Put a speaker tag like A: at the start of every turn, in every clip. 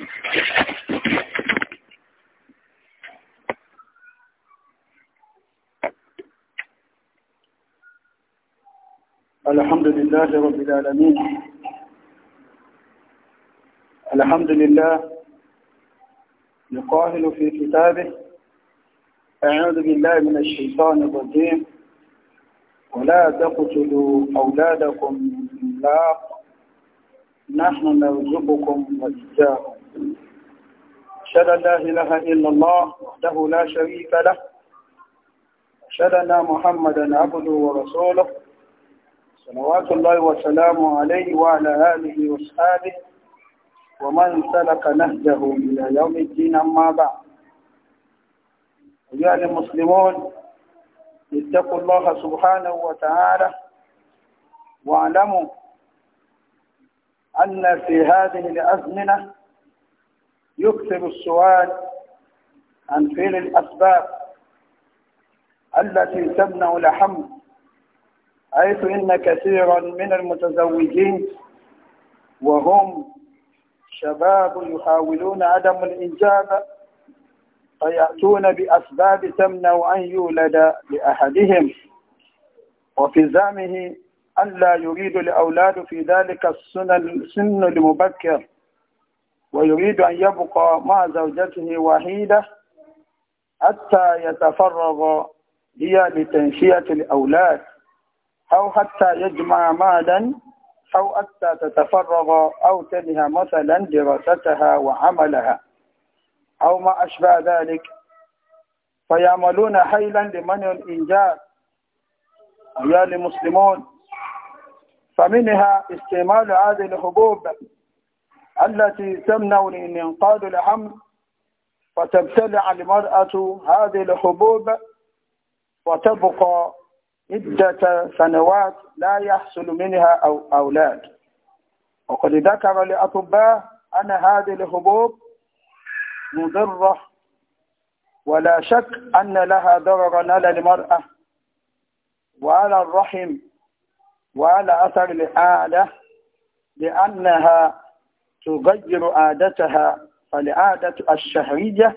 A: الحمد لله رب العالمين الحمد لله نقاهل في كتابه أعوذ بالله من الشيطان الرجيم ولا تقتلوا أولادكم من نحن نرزقكم وإياهم أشهد أن لا إله إلا الله وحده لا شريك له أشهد أن محمدا عبده ورسوله صلوات الله وسلامه عليه وعلى آله وأصحابه ومن سلك نهجه إلى يوم الدين أما بعد أيها المسلمون اتقوا الله سبحانه وتعالى واعلموا أن في هذه الأزمنة يكثر السؤال عن فعل الأسباب التي تمنع الحمل حيث إن كثيرا من المتزوجين وهم شباب يحاولون عدم الإنجاب فيأتون بأسباب تمنع أن يولد لأحدهم وفي زعمه ألا يريد الأولاد في ذلك السن المبكر ويريد أن يبقى مع زوجته وحيدة حتى يتفرغ هي لتنشئة الأولاد أو حتى يجمع مالا أو حتى تتفرغ أو تنهى مثلا دراستها وعملها أو ما أشبه ذلك فيعملون حيلا لمنع الإنجاب يا المسلمون فمنها استعمال هذه الحبوب التي تمنعني من انقاذ الحمل وتبتلع المرأة هذه الحبوب وتبقى عدة سنوات لا يحصل منها أو أولاد وقد ذكر الأطباء أن هذه الحبوب مضرة ولا شك أن لها ضررا على المرأة وعلى الرحم وعلى أثر الآلة لأنها تغير عادتها العادة الشهرية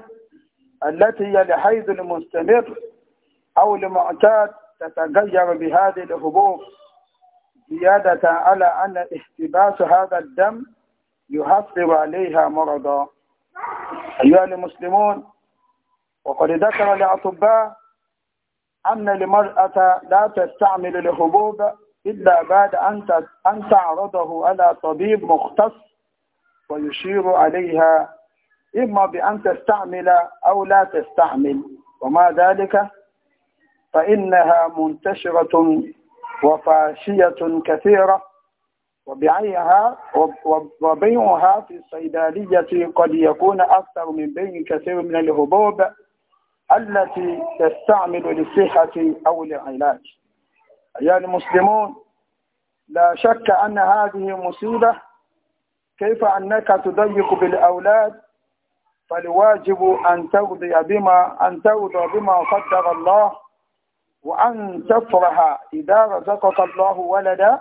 A: التي هي لحيض المستمر أو المعتاد تتغير بهذه الهبوط زيادة على أن احتباس هذا الدم يحصل عليها مرضا أيها المسلمون وقد ذكر الأطباء أن المرأة لا تستعمل الهبوب إلا بعد أن أن تعرضه على طبيب مختص ويشير عليها إما بأن تستعمل أو لا تستعمل وما ذلك فإنها منتشرة وفاشية كثيرة وبيعها وبيعها في الصيدلية قد يكون أكثر من بيع كثير من الهبوب التي تستعمل للصحة أو للعلاج أيها المسلمون لا شك أن هذه مصيبة كيف أنك تضيق بالأولاد فالواجب أن تغضي بما أن تغضي بما قدر الله وأن تفرح إذا رزقك الله ولدا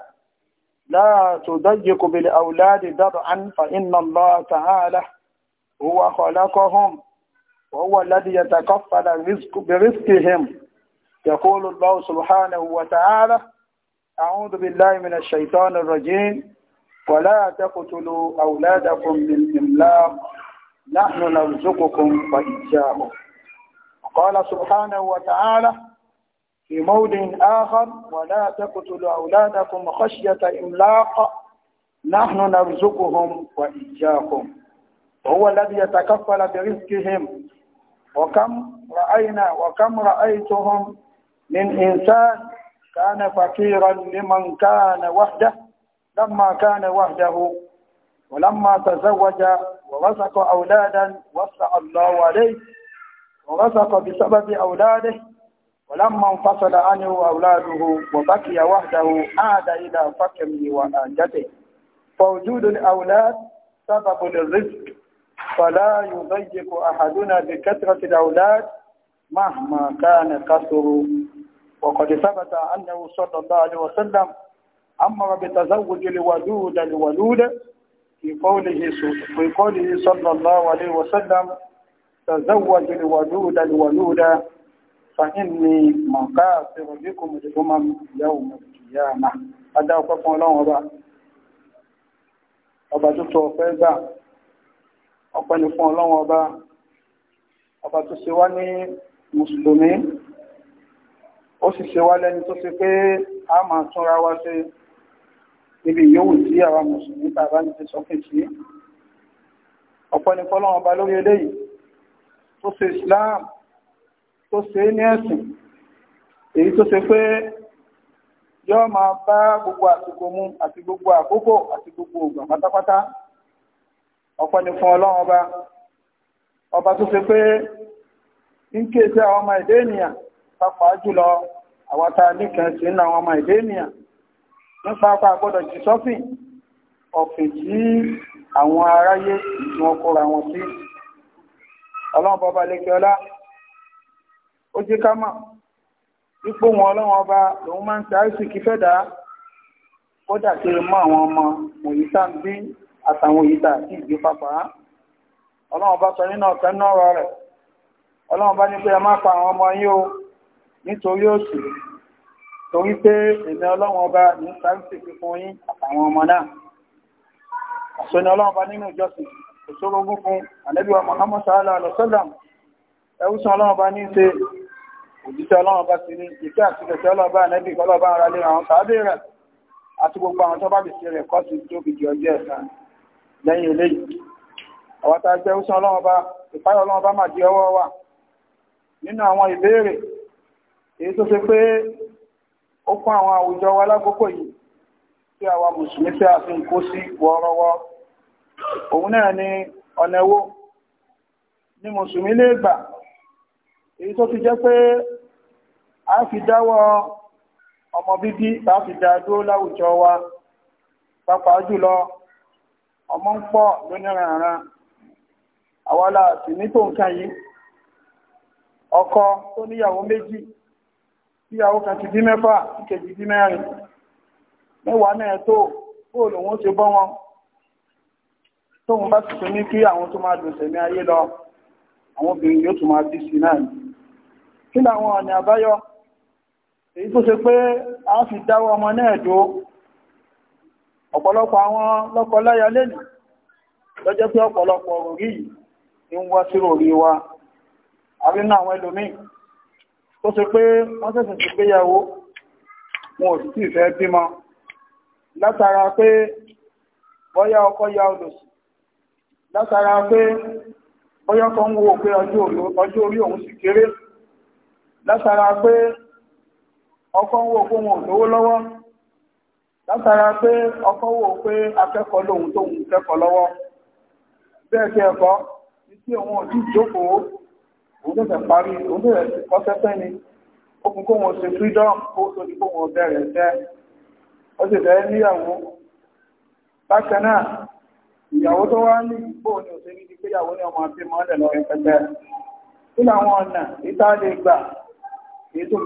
A: لا تضيق بالأولاد درعا فإن الله تعالى هو خلقهم وهو الذي يتكفل الرزق برزقهم يقول الله سبحانه وتعالى أعوذ بالله من الشيطان الرجيم ولا تقتلوا أولادكم بالإملاق نحن نرزقكم وإياهم قال سبحانه وتعالى في موضع آخر ولا تقتلوا أولادكم خشية إملاق نحن نرزقهم وإياكم هو الذي يتكفل برزقهم وكم رأينا وكم رأيتهم من إنسان كان فقيرا لمن كان وحده لما كان وحده ولما تزوج ورزق أولادا وسع الله عليه ورزق بسبب أولاده ولما انفصل عنه أولاده وبقي وحده عاد إلى فقره وآجته فوجود الأولاد سبب للرزق فلا يضيق أحدنا بكثرة الأولاد مهما كان كثر وقد ثبت أنه صلى الله عليه وسلم أما بتزوج الولود الولود في قوله في قوله صلى الله عليه وسلم تزوج الولود الولود فإني مكافر بكم الأمم يوم القيامة هذا هو قول الله أبا أبا تتوى فيبا أبا نفو الله أبا أبا تسواني مسلمين ó sì ṣe wá lẹ́ni tó ṣe pé a máa túnra wá sí i níbi ìyówù tí àwa mùsùlùmí bàbá ní ti sọ́kè sí ọ̀pọ̀ ní fọ́lọ́wọ́n ọba lórí eléyìí tó ṣe Islam tó ṣe ní ẹ̀sìn èyí tó ṣe pé yóò máa bá gbogbo àsìkò mu àti gbogbo àkókò àti gbogbo ògbà pátápátá ọ̀pọ̀ ní fún ọlọ́run ọba ọba tó ṣe pé ń kéèsì àwọn ọmọ ìdé ènìyàn pàápàá jùlọ àwọn tá a níkẹ̀ẹ́ sí ń àwọn ọmọ ìdé ènìyàn nípa apá àgbọ́dọ̀ jù sọ́fìn ọ̀fìn tí àwọn aráyé tí wọ́n kóra wọn sí ọlọ́run bọba lẹ́kẹ́ ọlá ó jẹ́ ká mọ̀ ipò wọn ọlọ́run ọba lòun máa ń ta àìsìkí fẹ́dà kódà kí mọ́ àwọn ọmọ òyí tá ń bí àtàwọn òyí tá àti ìgbé papà ọlọ́run ọba sọ nínú ọ̀kẹ́ náà rẹ̀ ọlọ́run bá ní pé ẹ má pa àwọn ọmọ yín o nítorí òṣì torí pé èmi ọlọ́run ọba ní sáńsìkì fún yín àtàwọn ọmọ náà àṣọ́ni ọlọ́run ọba nínú ìjọsìn òṣòrogún fún àlẹ́bíwà Muhammad sallallahu alaihi wasallam ẹwùsàn ọlọ́run ọba ní ṣe òjíṣẹ́ ọlọ́run ọba sí ní ìfẹ́ àti ìfẹ́ ọlọ́ba ànẹ́bí ọlọ́ba ara lé àwọn sàábé rẹ̀ àti gbogbo àwọn tó bá bèsè rẹ̀ kọ́ sí tó bìdì ọjọ́ ẹ̀sán lẹ́yìn eléyìí àwọn tá a jẹ́ ẹwùsàn ọlọ́run ọba ìpáyọ̀ ọlọ́run ọba mà di ọwọ́ wa nínú àwọn ìbéèrè èyí tó ṣe pé ó fún àwọn àwùjọ wa lákòókò yìí tí àwa mùsùlùmí tí a fi ń kó sí wọ́ọ́rọ́wọ́ òun náà ni ọ̀nà ewó ni mùsùlùmí lè gbà èyí tó fi jẹ́ pé a fi dáwọ́ ọmọ bíbí tá fi dá dúró láwùjọ wa pàápàá jùlọ ọmọ ń pọ̀ lóníranran àwa la ní tó nǹkan yìí ọkọ tó níyàwó méjì ìyàwó kan ti bí mẹ́fà ìkejì bí mẹ́rin mẹ́wàá náà tó bóòlù òun ti bọ́ wọn tóun bá ti ní kí àwọn tó máa dùn lọ àwọn obìnrin yóò tún máa bí sí náà kí làwọn ọ̀nà àbáyọ èyí tó ṣe pé a fi dáwọ́ ọmọ náà dó ọ̀pọ̀lọpọ̀ àwọn lọ́kọláya lẹ́nu lọ́jọ́ pé ọ̀pọ̀lọpọ̀ òrí yìí ń wá sí orí wa àrínà àwọn ẹlòmíì tó ṣe pé wọ́n ṣẹ̀ṣẹ̀ ti gbéyàwó wọn ò sì tí ìfẹ́ bímọ látara pé bọ́yá ọkọ ya olùsù látara pé bọ́yá ọkọ ń wo pé ọjọ́ orí òun sì kéré látara pé ọkọ ń wo pé wọn ò lówó lọ́wọ́ látara pé ọkọ wo pé akẹ́kọ̀ọ́ lòun tó ń kẹ́kọ̀ọ́ lọ́wọ́ bẹ́ẹ̀ kí ẹ̀kọ́ tí òun ò tí jókòó òun wọn ṣe freedom kó tó ní kó wọn bẹ̀rẹ̀ ṣẹ́ ó sì fẹ́ níyàwó bákan ìyàwó tó wá ní ìgbò ní òṣèlú ti péyàwó ní ọmọ àti mọ́lẹ̀ lọ rẹpẹtẹ tí làwọn ọ̀nà ìta lè gbà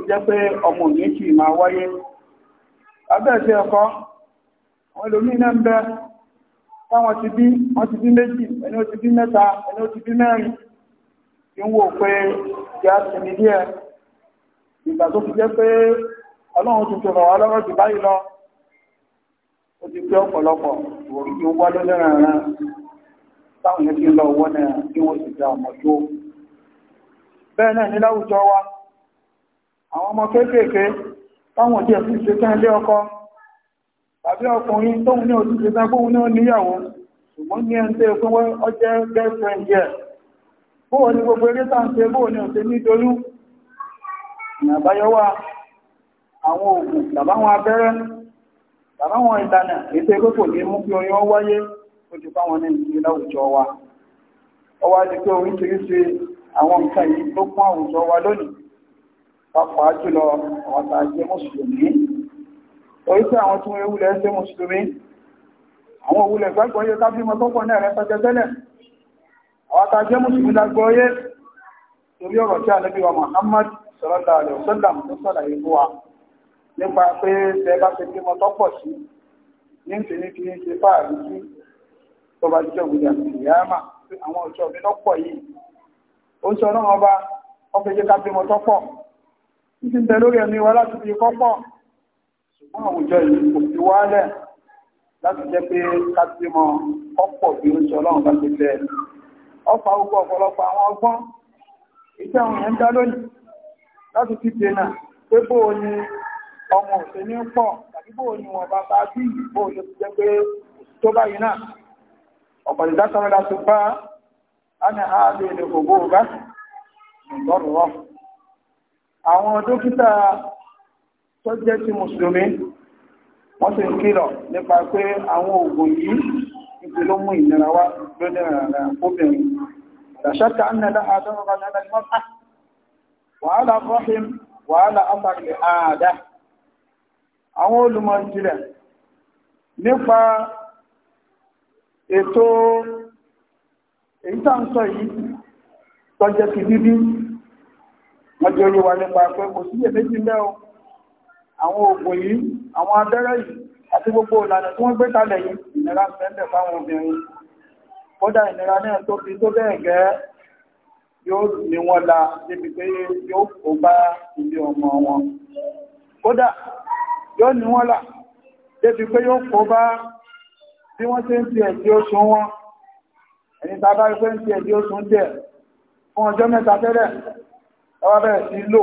A: jẹ́ pé ọmọ òní máa wáyé abẹ́ẹ̀sí ẹ̀kọ́ àwọn ẹlòmíín náà ń bẹ táwọn ti bí wọ́n ti bí méjì ẹni ó ti bí mẹ́ta ẹni ó ti bí mẹ́rin ń wò pé kí a sinmi díẹ̀ ìgbà tó fi jẹ́ pé ọlọ́run tuntun wá lọ́rọ̀ jù báyìí lọ ó ti pé ọ̀pọ̀lọpọ̀ òrí tí ó wá lọ wọ́n àwọn ọmọ táwọn òjì ẹ̀sìn ṣe ọkọ tàbí ọkùnrin ní òjì ṣe tán ní ṣùgbọ́n ní bóò ní gbogbo eré sáǹtẹ́ bóò ní ọ̀tẹ́ nítorú ìyàbáyọ́wà àwọn òògùn tàbáwọn abẹ́rẹ́ tàbáwọn ìdánà ètò ẹgbẹ́ kò ní mú kí oyún wáyé ó ti fáwọn ní ìlú láwùjọ wa ó wá di pé oríṣiríṣi àwọn nǹkan yìí tó kún àwùjọ wa lónìí pàápàá jùlọ àwọn tá a jẹ mùsùlùmí torí pé àwọn tí wọn ewúlẹ̀ ṣe mùsùlùmí àwọn òwúlẹ̀ gbàgbọ́ yẹ ká bímọ tó pọ̀ náà rẹ ọ̀tá jẹ́ mùsùlùmí lágbọ́yé torí ọ̀rọ̀ tí Ànábì wa Muhammad sallallahu alaihi wasallam tó sọ̀rọ̀ ìlú wa nípa pé tẹ bá ti bímọ tọ́pọ̀ sí ní ìpínlẹ̀ kí ní ṣe fáàrí sí tó bá jẹ́ ògùdà ìyáàmà àwọn ọ̀ṣọ́ mi lọ́pọ̀ yìí ó sọ náà ọba ọfẹ́ jẹ́ ká bímọ tọ́pọ̀ títí ń bẹ lórí ẹ̀mí wa láti fi kọ́pọ̀ ṣùgbọ́n àwùjọ yìí kò fi wálẹ̀ láti jẹ́ pé ká bímọ ọ̀pọ̀ bí ó sọ náà bá ti bẹ́ẹ̀ ọpa ogun ọ̀pọ̀lọpọ̀ àwọn ọgbọ́n iṣẹ́ àwọn èèyàn dá lónìí láti fi dènà pé bó o ní ọmọ òṣè ní pọ̀ tàbí bó o ní wọn bá bá bí ìbò ló ti jẹ́ pé tó báyìí náà ọ̀pọ̀ ìdákanrẹ́lá tó bá a ní ààbò ilé gbogbo ọ̀gá ìgbọ́rùwọ́ àwọn dókítà tó jẹ́ ti mùsùlùmí wọ́n sì ń kìlọ̀ nípa pé àwọn oògùn yìí ló mú ìnira wá lónìí rárá obìnrin làṣàkà ń nà láhà tó rọrọ nà lẹ́nu mọ́ta wàhálà fọ́hìm wàhálà afárẹ̀ àádá àwọn ti bíbí wọ́n jẹ́ orí àti gbogbo ìlànà tí wọ́n gbé kalẹ̀ yìí ìnira pẹ̀lẹ̀ fáwọn obìnrin kódà ìnira náà tó fi tó bẹ́ẹ̀ gẹ́ yóò ní wọ́n la débi pé yóò kó bá ilé ọmọ wọn kódà yóò ní wọ́n la débi pé yóò kó bá bí wọ́n ṣe ń ti ẹ̀dí oṣù wọn ẹni tá a bá rí pé ń ti ẹ̀dí oṣù ń jẹ fún ọjọ́ mẹ́ta tẹ́lẹ̀ ẹ wá sí lò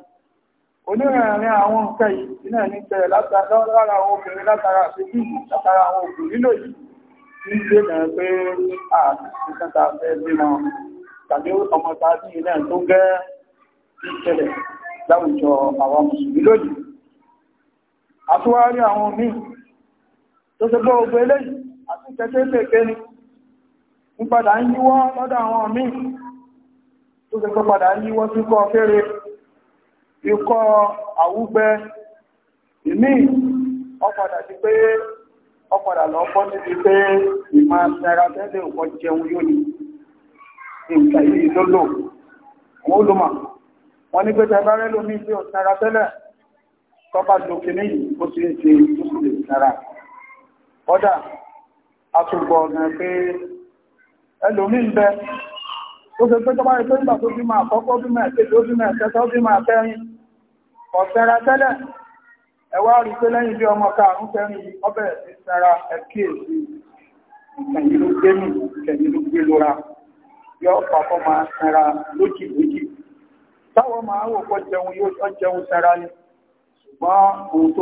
A: onírìnrìn àwọn nǹkan yìí iná ní tẹ̀rẹ̀ látara àwọn obìnrin látara àfẹ́kì látara àwọn òkú nílò yìí ní ṣe náà pé àtìkẹta fẹ́ bímọ tàbí ọmọ tàbí iná tó gẹ́ ìṣẹ̀lẹ̀ láwùjọ àwọn mùsùlùmí lónìí àtúwárí àwọn míì tó ṣe gbọ́ ogun eléyìí àti kẹ́kẹ́kẹ́ ni ń padà ń yíwọ́ lọ́dọ̀ àwọn míì tó ṣe gbọ́ padà ń yíwọ́ sí kọ́ fẹ́rẹ̀ẹ́ ikọ́ àwúgbẹ́ ìmí ọpadà ti pé ọpadà lọ bọ́ títí pé ìmọ̀ ẹra tẹ́lẹ̀ òkọ́ jẹun yóò ní ìgbà yìí lólò wọ́n ó lọ́mà wọ́n ní pẹ́tẹ́ bá rẹ́ lómi tí ó tẹ́ra tẹ́lẹ̀ kọba lókè ní ó sì ń ṣe ìtúsílẹ̀ tẹ́ra ọ̀dà àtúgbọ̀ ọ̀nà pé ẹlòmí bẹ ó ṣe pé tọ́bá rẹ̀ pé tó bí máa kọ́kọ́ bí máa kéde ó bí máa kẹta ọ̀sẹ̀ra tẹ́lẹ̀ ẹwà rí pé lẹ́yìn bí ọmọ karùn kẹrin ọbẹ̀ ìsára ẹ̀kíyèsí kẹ̀yìn ló gbé mi ló gbé yọ pàpọ̀ máa sanra lójì lójì táwọn máa wò kọ́ jẹun yóò jẹun ṣùgbọ́n ohun tó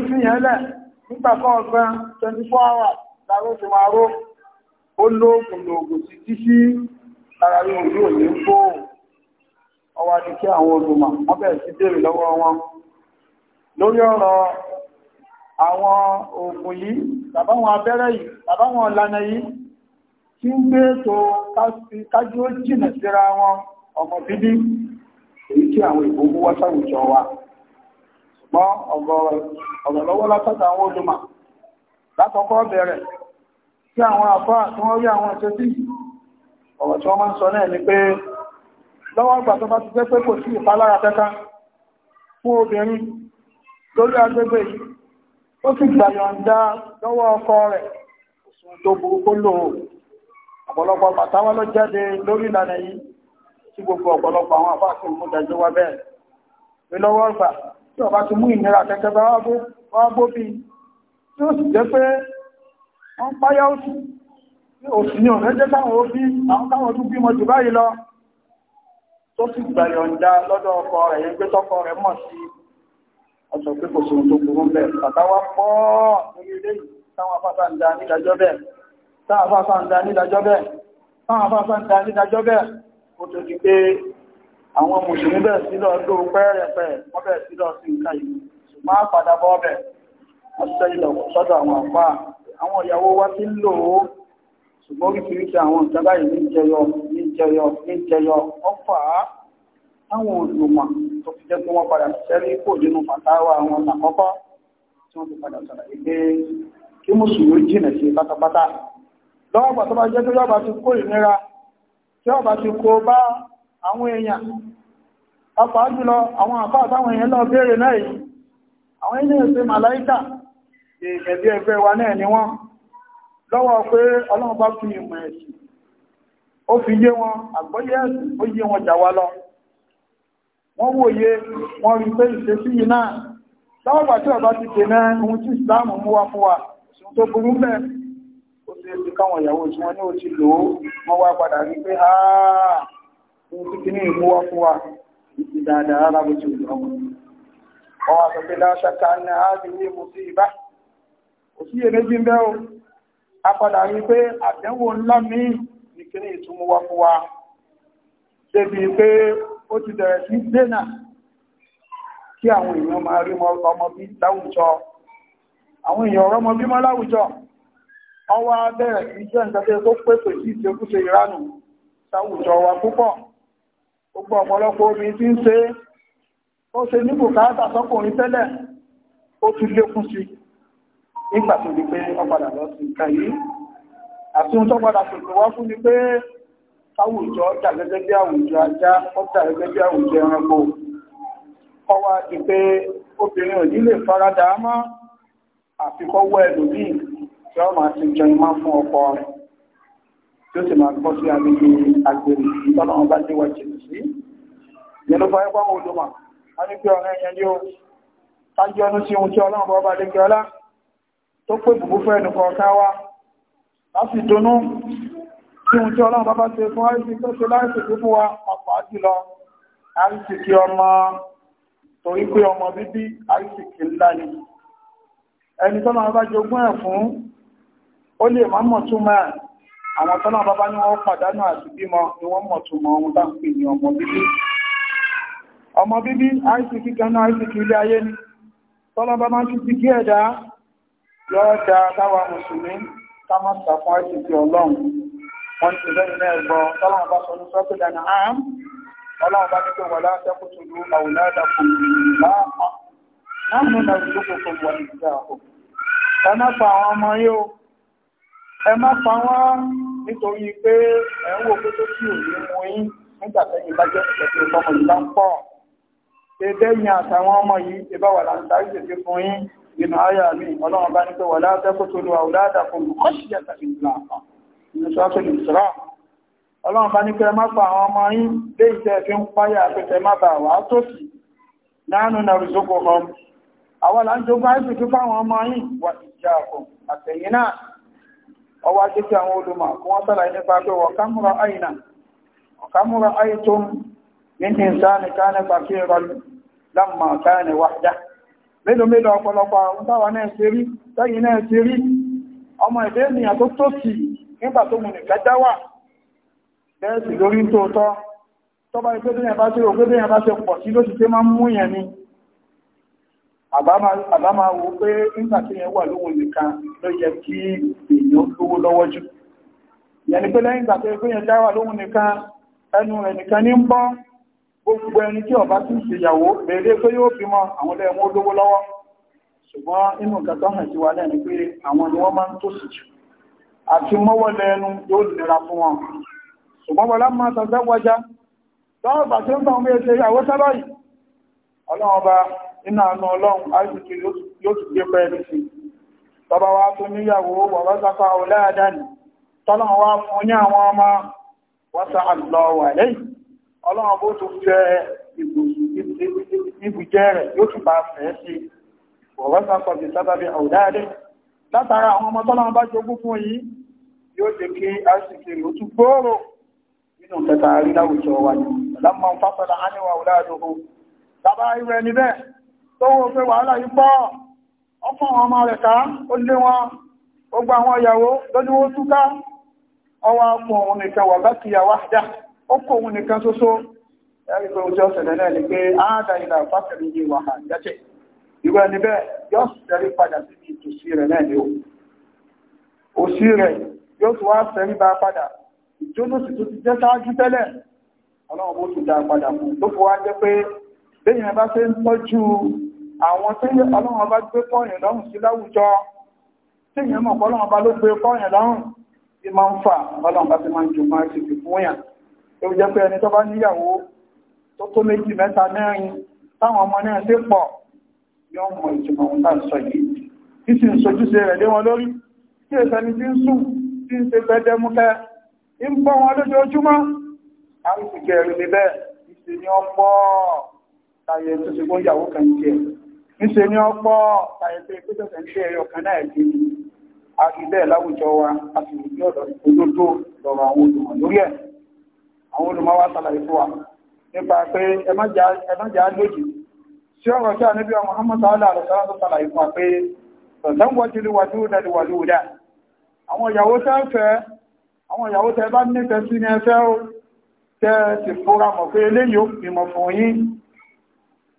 A: ń yìí nígbàkan ọ̀sán 24 hours láàrín oṣù máa ró ó lóògùn lóògùn sí títí lára rí ojú òní ń kó ọwá di kí àwọn olùmọ̀ wọ́n bẹ̀rẹ̀ sí béèrè lọ́wọ́ wọn lórí ọ̀rọ̀ àwọn oògùn yìí tàbáwọn abẹ́rẹ́ yìí tàbáwọn ọ̀lànà yìí tí ń gbé ètò kájú ó jìnà síra wọn ọmọ bíbí èyí tí àwọn ìgbógún wọ́n sáwùjọ wa ṣùgbọ́n ọ̀rọ̀ lọ́wọ́ látọ́ta àwọn olùmọ̀ lákọ̀ọ́kọ́ bẹ̀rẹ̀ tí àwọn àfáà tí wọ́n rí àwọn ìṣẹ́ sí ọ̀rọ̀ tí wọ́n máa ń sọ náà ni pé lọ́wọ́ àgbà tó bá ti jẹ́ pé kò sí ìpalára kẹta fún obìnrin lórí agbègbè yìí ó sì gbàyọ̀ǹda lọ́wọ́ ọkọ rẹ̀ òsùn tó burúkú lò ọ̀pọ̀lọpọ̀ pàtàwọ́ ló jáde lórí ìlànà yìí tí gbogbo ọ̀pọ̀lọpọ̀ àwọn àfáà sì mú dájú wá bẹ́ẹ̀ lọ́wọ́ àgbà tí ọba ti mú ìnira kẹkẹ bá wá bó bí tí ó sì jẹ́ pé wọ́n páyá oṣù ní oṣù ní ọ̀rẹ́ jẹ́ káwọn òbí àwọn káwọn tó bímọ jù báyìí lọ tó sì gbàyọ̀ǹda lọ́dọ̀ ọkọ rẹ̀ yẹn pé tọ́kọ rẹ̀ mọ̀ sí ọ̀sọ̀ pé kò sóhun tó burú bẹ̀ tàtàwà pọ̀ lórí àwọn mùsùlùmí bẹ̀rẹ̀ sí lọ ló pẹ́ẹ̀rẹ̀pẹ̀ wọ́n bẹ̀rẹ̀ sí lọ sí nǹkan yìí ṣùgbọ́n àpàdà sọ́dọ̀ àwọn àpá àwọn ìyàwó wá ti ṣùgbọ́n oríṣiríṣi àwọn àwọn àkọ́kọ́ tí wọ́n ti padà pé kí mùsùlùmí jìnà sí àwọn èèyàn pàpàá jùlọ àwọn àfáà táwọn èèyàn lọ béèrè náà yìí àwọn èèyàn ṣe màláíkà èèyàn bí ẹgbẹ́ wa náà ni wọ́n lọ́wọ́ pé ọlọ́run bá fi ìmọ̀ ẹ̀sìn ó fi yé wọn àgbọ́yé ó yé wọn jà wá lọ wọ́n wòye wọ́n rí pé ìṣesí yìí náà lọ́wọ́ tí ọba ti dènà ohun tí ìsìláàmù mú wá fún wa ṣùgbọ́n tó burú mẹ́ ó ti káwọn ìyàwó tí wọ́n ní ó ti lò wọ́n wá padà rí pé háà fún títí ní ìmúwá fún wa ìsì dáadáa rárá bó ti wù ọmọ ọmọ àtọ́gbé láṣàkà ní ààbí ní o a padà rí pé àdánwò ńlá míì ní kíní ìtumúwá fún wa débi ti bẹ̀rẹ̀ sí dénà kí àwọn èèyàn máa rí láwùjọ àwọn ọ̀rọ̀ láwùjọ si gbogbo ọ̀pọ̀lọpọ̀ obìnrin tí ń ṣe ó ṣe ní bùkátà sọ́kùnrin tẹ́lẹ̀ ó tún lékún sí nígbà tó di pé ọpadà lọ sí nǹkan yìí àti ohun tó padà pèsè wá fún ni pé káwùjọ dà gẹ́gẹ́ bí àwùjọ ajá ó dà gẹ́gẹ́ bí àwùjọ ẹranko kọ́ wá di pé obìnrin ò ní lè faradà mọ́ àfikọ́wọ́ ẹlòmíì tí ó máa ti jẹun máa fún ọkọ rẹ̀ tí ó sì máa kọ́ sí agbègbè agbèrè ìtọ́nà ọba tí wà jìnà sí yẹnu fa ẹgbà wọn olùmọ̀ a ní pé ọ̀rẹ́ ẹ̀yẹn yóò tájú ọdún sí ohun tí ọlọ́run bọ́ bá lè gbé ọlá tó pé bùbú fẹ́ ẹnu kọ̀ọ̀kan wa láti dunnú tí ohun tí ọlọ́run bá ṣe fún àìsí tó ṣe láìsí tó fún wa ọ̀pọ̀ àti lọ àìsí kí ọmọ torí pé ọmọ bíbí àìsí kí ńlá ni ẹni tọ́lọ́run bá jogún ẹ̀ fún ó lè má mọ̀ túmọ̀ ẹ̀ àwọn tọ́nà bàbá ní wọ́n pàdánù àti bímọ ni wọ́n mọ̀ tó mọ ohun táà ń pè ní ọmọ bíbí ọmọ bíbí icc kanáà icc ilé ayé ni tọ́nà bàbá ti ti gé ẹ̀dá yọ́ da táwa mùsùlùmí ká má sàfún icc ọlọ́run wọ́n ti lẹ́yìn náà gbọ́ tọ́nà bá sọ ní sọ́kùn dànù àám ọlọ́run bá ní pé wọ́n láti kùtù lu àwùládà fún láàpá náà mú náà lókò fún wọn ìgbà ẹ má pa àwọn ọmọ yìí o ẹ má pa wọn nítorí pé ẹ̀ ń wò pé tó kí òye mú yín nígbà tẹ́yìn bá jẹ́ ìṣẹ̀tì ọmọ yìí bá ń pọ̀ ẹgbẹ́ yìí àtàwọn ọmọ yìí ti bá wà láńtàrí tètè fún yín nínú ayà mi ọlọ́run bá ní pé wà látẹ́kù tó lo àwòládà fún kọ́ṣíyà tàbí ìlànà nínú sọ́tò ìṣúra ọlọ́run bá ní pé má pa àwọn ọmọ yín dé ìṣẹ́ fi ń páyà pẹ́tẹ́ má bà wá tó sì láàánú na rìzókò hàn àwọn làǹjọgbọ́n àìsìkí fáwọn ọmọ yín wà ìjà àkọ́ àtẹ̀yìn náà ọwá jẹ́ kí àwọn olùmọ̀ kí wọ́n sọ́lá nípa pé wọ̀kámúra àìnà wọ̀kámúra àìtún nínú ìsáni káàní pàkí ìrọlù lámà káàní wájá mélòó mélòó ọ̀pọ̀lọpọ̀ àwọn táwa náà ti rí sẹ́yìn náà ti rí ọmọ ìdé ènìyàn tó tó sì nígbà tó mú nìkan já wà bẹ́ẹ̀ sì lórí tòótọ́ tọ́ba ìgbébìnrin bá ti rò gbébìnrin àbámá wo pé nígbà tí yẹn wà lówó nìkan ló yẹ kí èèyàn lówó lọ́wọ́ jù yẹn ni pé lẹ́yìn ìgbà tó yẹn já wà lówó nìkan ẹnu rẹ̀ nìkan ní ń bọ́ gbogbo ẹni tí ọba tí ń ṣe ìyàwó bèèrè pé yóò fi mọ àwọn ilé ẹ̀wọ̀n olówó lọ́wọ́ ṣùgbọ́n inú nǹkan tó hàn sí wa lẹ́nu pé àwọn ni wọ́n máa ń tòṣì jù àti mọ́wọ́ lẹ́nu yóò nira fún wọn ṣùgbọ́n wọlá máa tàbí wájá lọ́wọ́ bàtí ń bá wọn bí ẹ ṣe ìyàwó sábà yìí ọlọ́run nínú àánú ọlọ́run àìsìkì yóò ti gbé pẹ́ sí bàbá wa tó níyàwó wà rọ́sàkà ọ̀láàdáni tọ́lọ́run wá fún ní àwọn ọmọ wọ́sà àlọ́wà lẹ́yìn ọlọ́run bó tó fẹ́ ibùjẹ́ rẹ̀ yóò tún bá fẹ́ sí rọ́sàkọ̀ bí ní tóhun pé wàhálà yìí pọ̀ ọkùn àwọn ọmọ rẹ̀ ká ó lé wọn gbogbo àwọn ìyàwó lójúwó túká ọwọ́ akùn òun nìkan wà bá ti yàwó àjá ó kó òun nìkan ṣoṣo ẹ̀rí pé ojú ọ̀sẹ̀lẹ̀ náà ni pé áádá ìlà fásitì yìí wà hàn jẹ́jẹ́ ìwé ẹni bẹ́ẹ̀ yóò sẹ́rí padà sí ìtòsí rẹ̀ náà ni ó òsí rẹ̀ yóò tún wá sẹ́rí bá padà ìjóná sì tó ti jẹ́ sáájú tẹ́lẹ̀ ọlọ́run bó tún dá padà fún tó fi wá jẹ́ pé bẹ́yìn bá ṣe ń tọ́jú àwọn tí ọlọ́run bá gbé pọ́ọ̀yìn lọ́rùn sí láwùjọ tí èèyàn mọ̀ pọ́lọ́run bá ló gbé pọ́ọ̀yìn lọ́rùn tí máa ń fà ọlọ́run bá ti máa ń jù máa ti fi fún yàn tó jẹ́ pé ẹni tó bá níyàwó tó tó méjì mẹ́ta mẹ́rin táwọn ọmọ náà dé pọ̀ yóò mọ ìtumọ̀ ohun tá à ń sọ yìí tí sì ń sojúṣe rẹ̀ lé wọn lórí tí èsẹni tí ń sùn tí ń ṣe pẹ́ẹ́dẹ́múkẹ́ ń bọ́ wọn lójoojúmọ́ àrùn sì kẹrin ni bẹ́ẹ̀ ìsìn ni ọ pọ̀ tàyẹ̀ tó ti gbóyàwó kan tiẹ̀ níṣe ní ọpọ́ tàyẹ̀tẹ̀ ìpẹ́sẹ̀sẹ̀ ní ẹ̀yọ kan náà jí a ti láwùjọ wa a sì rí ọ̀dọ̀ òdòdó lọ́rọ̀ àwọn olùmọ̀ lórí ẹ̀ àwọn olùmọ̀ wa sàlàyé fún wa nípa pé ẹmọ́jà lójì sí ọ̀rọ̀ tí a níbi ọmọ Muhammad sallallahu alaihi wasallam tó sàlàyé fún wa pé sọ̀tán wọ́jú lè wàlú dàdí wàlú dà àwọn ìyàwó tẹ́ ń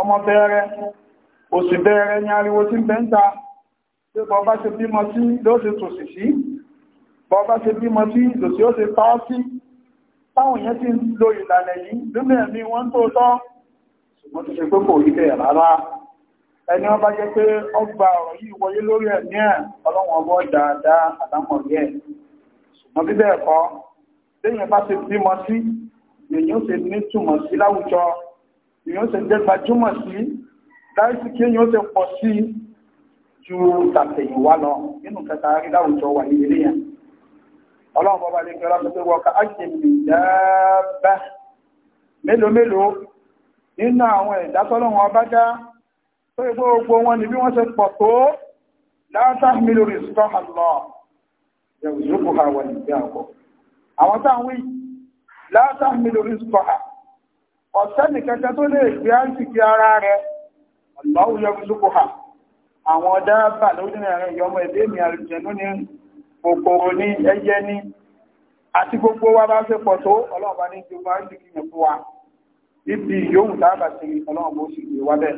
A: ọmọ bẹ́ẹ̀rẹ̀ òsì bẹ́ẹ̀rẹ̀ ni ariwo tí ń bẹ́ ń ta pé bọ́ọ̀bá ṣe bímọ sí ló ṣe tòsì sí bọ́ọ̀bá ṣe bímọ sí lòsí ó ṣe tọ́ sí táwọn èèyàn ti ń lo ìlànà yìí lónìí ẹ̀mí wọ́n tó tọ́ ṣùgbọ́n ti ṣe pé kò rí bẹ́ẹ̀ rárá ẹni ọba jẹ́ pé ọgbà ọ̀rọ̀ yìí wọlé lórí ẹ̀mí ẹ̀ ọlọ́wọ̀n ọgbọ́ dáadáa àdámọ̀ rí ẹ̀ ṣùgbọ́n bí bẹ́ẹ̀ kọ́ bá ṣe bímọ sí èèyàn ó ṣe nítumọ̀ sí láwùjọ èyàn ṣe jẹ́ gbajúmọ̀ sí láìsí kí èyàn ṣe pọ̀ sí ju tàtẹ̀yìnwá lọ nínú kẹta rí láwùjọ wà ní ilé yẹn ọlọ́run bọ́ba lè kẹ́ra tó pé wọ́ka ájì mìdáàbá mélòó mélòó nínú àwọn ẹ̀dá tọ́lọ́run ọba dá tó ìgbó gbogbo wọn ni bí wọ́n ṣe pọ̀ tó látàmílò rẹ̀ sọ́ àlọ́ ẹ̀rù yóò kó àwọn ìgbé àkọ́ àwọn táwọn látàmílò rẹ̀ sọ́ àlọ́ ọ̀sẹ́ni kẹta tó lè gbé àǹtìkì ara rẹ̀ ọ̀lọ́wù yọrùsùkù hà àwọn dáábà lórílẹ̀ rẹ̀ yọmọ ẹ̀dẹ́ mi àrùjẹ̀nú ni kòkòrò ní ẹyẹ ní àti gbogbo wa bá ṣe pọ̀ tó ọlọ́ọ̀bá ní gbogbo àǹtìkì yẹn fún wa ibi yòówù dáábà sí ọlọ́ọ̀bá ó sì gbé wa bẹ́ẹ̀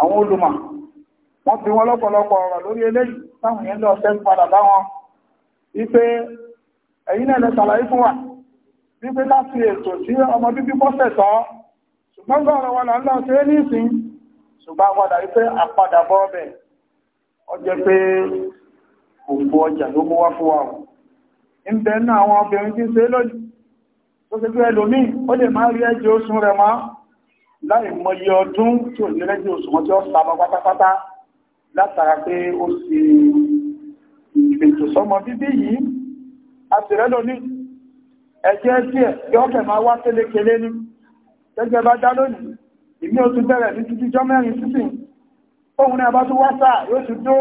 A: àwọn olùmọ̀ wọ́n fi wọn lọ́pọ̀lọpọ̀ ọ̀rọ̀ lórí eléyìí táwọn yẹn lọ fẹ́ padà bá wọn wípé ẹ̀yin náà lẹ fún wa wípé láti ètò sí ọmọ bíbí bọ́sẹ̀ tọ́ ṣùgbọ́n gbọ́rọ̀ wọn lọ́lọ́ tí ó ní ìsìn ṣùgbọ́n padà wípé àpadà bọ́ ọbẹ̀ ọ jẹ́ pé òkú ọjà ló mú wá fún wa ọ̀ ń bẹ ní àwọn obìnrin tí ń ṣe lójú tó ṣe pé ẹlòmíì ó lè má rí ẹ̀jẹ̀ oṣù rẹ̀ mọ́ láì mọye ọdún tí ò ní rẹ́jẹ̀ oṣù wọn tí ó sábà pátápátá látara pé ó sì ìfètòsọ́mọ bíbí ẹ̀jẹ́ díẹ̀ yọ́kẹ̀ máa wá kélékelé ní gẹ́gẹ́ bá dá lónìí ìmí o tún bẹ̀rẹ̀ ní títí jọ mẹ́rin sísìn ohun ní abá tún wá sáà yóò tún dó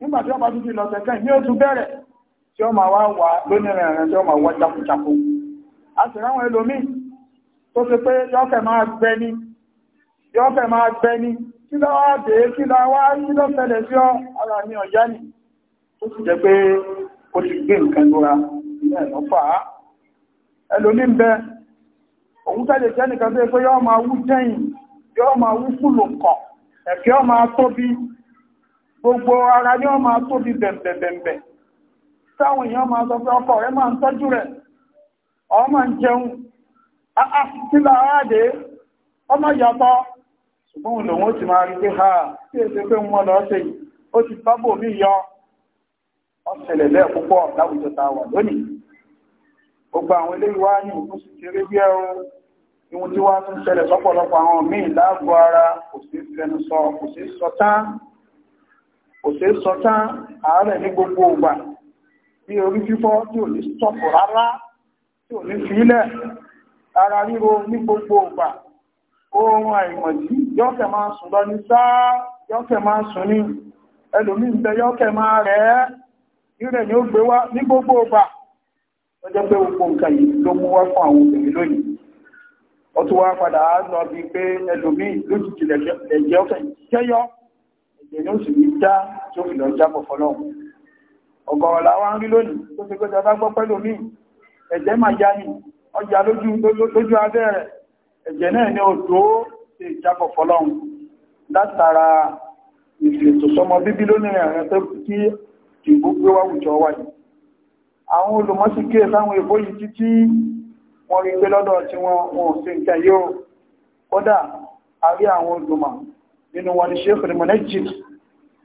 A: nígbà tí ó bá tún ti lọ́sẹ̀ kan ìmí o tún bẹ̀rẹ̀ tí ó máa wá wà lónìí rẹ̀ rẹ̀ tí ó máa wá jákujáku a sì ráwọn ẹlòmíì tó ṣe pé yọ́kẹ̀ máa gbẹ ní yọ́kẹ̀ máa gbẹ ní kí lọ wá dé kí lọ wá kí lọ ṣẹlẹ̀ sí ọ ara mi ọ̀yá ni ó sì jẹ́ pé ó ti gbé nǹkan lóra ilé ẹ̀lọ́fà á ẹlòmí ń bẹ òun tẹ́lẹ̀ tẹ́ nìkan tó pé yọ́ máa wú tẹ́yìn yọ́ máa wú fúlò kọ̀ ẹ̀kẹ́ ọ máa gbogbo ara yọ́ máa tóbi bẹ̀m̀bẹ̀m̀bẹ̀ táwọn èèyàn máa sọ pé ọkọ rẹ máa ń tọ́jú rẹ̀ ọ ń jẹun áá ah, tí ah, láàádé ọmọ yàtọ̀ ṣùgbọ́n lòun ó ti máa rí pé ha tí èsè pé wọn lọ ó ti bábò mí yọ ọ̀sẹ̀lẹ̀ púpọ̀ láwùjọ wà lónìí gbogbo àwọn eléyìí wá ní ìlú sí kéré bí ẹrù ìwọ̀n tí wá tún ṣẹlẹ̀ lọ́pọ̀lọpọ̀ àwọn míì láàbò ara kò sí fẹnu sọ kò sí sọ tán kò sí ní gbogbo ògbà bí orí fífọ́ tí ò ní stọpù rárá tí ò ní fílẹ̀ ara ríro ní gbogbo ògbà oorun àìmọ̀dí yọ́kẹ̀ máa sùn lọ ní sáà yọ́kẹ̀ máa sùn ní ẹlòmí ń bẹ yọ́kẹ̀ máa rẹ̀ ẹ́ rírẹ̀ ni ó gbé wá ní gbogbo ògbà jẹ́ pé gbogbo nǹkan yìí ló mú wá fún àwọn obìnrin lónìí ó tún wá padà á lọ bí pé ẹlòmíì lójijì lẹ̀jẹ̀ ọ̀fẹ́ jẹ́yọ́ ẹ̀jẹ̀ ní oṣù yìí dá tó fi lọ jábọ̀ fọlọ́run ọ̀gọ̀rọ̀ la wá ń rí lónìí tó ti gbẹ́ta bá gbọ́ pẹ́lú mi ẹ̀jẹ̀ máa ya ni ọjà lójú abẹ́ rẹ̀ ẹ̀jẹ̀ náà ni odò ṣe ìjábọ̀ fọlọ́run látara ìfètòsọmọ bíbí lónìí rẹ̀ tó kí ìgbógbé wáwùjọ wáyìí àwọn olùmọ́sí kí sáwọn èbó yìí títí wọ́n rí pé lọ́dọ̀ tí wọ́n wọ́n sí nǹkan yóò kódà a rí àwọn olùmọ̀ nínú wọn ni Sheikh Munajjid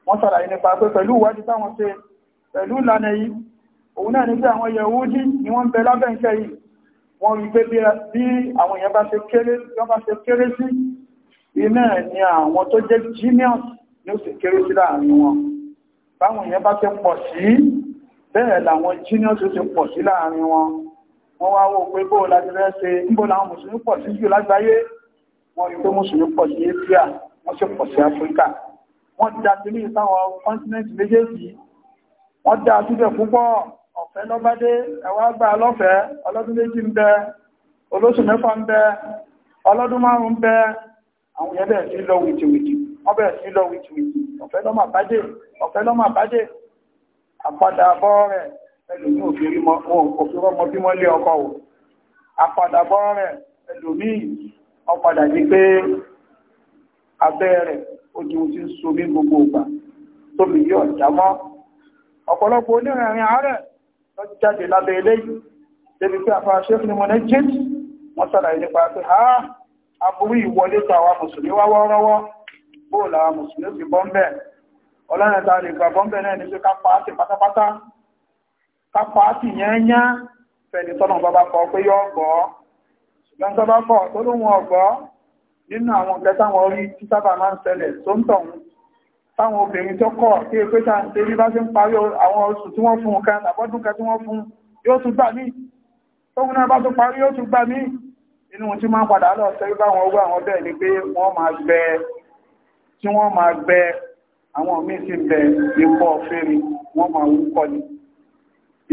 A: wọ́n sàlàyé nípa pé pẹ̀lú ìwádìí táwọn ṣe pẹ̀lú ni wọ́n ń bẹ lábẹ́ nǹkan yìí wọ́n rí pé bí àwọn èèyàn bá ṣe kéré ni àwọn tó jẹ́ genius ni ó sì kéré sí báwọn èèyàn bá ṣe pọ̀ sí bẹ́ẹ̀ làwọn genius ti pọ̀ sí láàrin wọn wọ́n wá wó pé bóò láti rẹ́ ṣe níbo làwọn mùsùlùmí pọ̀ sí jù lágbàáyé wọ́n rí pé mùsùlùmí pọ̀ sí Asia wọ́n sì pọ̀ sí Áfíríkà wọ́n ti dá sílé ìsáwọn continent méjèèjì wọ́n dá síbẹ̀ púpọ̀ ọ̀fẹ́ lọ́bádé ẹwà gbà lọ́fẹ̀ẹ́ ọlọ́dún méjì ń bẹ olóṣù mẹ́fà ń bẹ ọlọ́dún márùn ún bẹ àwọn yẹn bẹ̀rẹ̀ sí lọ wìtìwìtì wọ́n bẹ̀rẹ̀ sí lọ wìtìwìtì ọ̀fẹ́ lọ́mà bádé ọ̀fẹ́ lọ́mà bádé àpadàbọ̀ rẹ̀ ẹlòmí o àpadàbọ̀ rẹ̀ ẹlòmí ọpadà di pé abẹ́ rẹ̀ ó di ohun tí ń so ní gbogbo ìgbà tó mi yọ ìdámọ́ ọ̀pọ̀lọpọ̀ onírìnrìn àárẹ̀ lọ jáde lábẹ́ eléyìí débi pé àfáà ṣéfù ni mo ní jíǹt wọ́n sàlàyé ha aburú ìwọlé tàwa mùsùlùmí wá wọ́ọ́rọ́wọ́ bóòlà ọlọ́nà tá a lè gbàgbọ́ ń bẹ̀rẹ̀ ní pé ká pa á sí pátápátá ká pa á sí yẹ́nyá fẹ̀lì tọ́nà bàbá kọ pé yọ ọgbọ́ ṣùgbọ́n tó bá kọ̀ tó lóhun ọgbọ́ nínú àwọn ọ̀gẹ́ táwọn orí tí sábà máa ń ṣẹlẹ̀ tó ń tọ̀hún táwọn obìnrin tó kọ̀ tí pé tá ń tẹ́lí bá ṣe ń parí àwọn oṣù tí wọ́n fún kan àbọ́dún kan tí wọ́n fún yóò tún gbà mí tóhun náà bá tún parí yóò tún gbà mí inú tí máa ń padà lọ sẹ́rí báwọn owó àwọn bẹ́ẹ̀ ni pé wọ́n máa gbẹ tí wọ́n máa gbẹ àwọn míì sì bẹ ikọ́ fèrè wọn máa kọ ni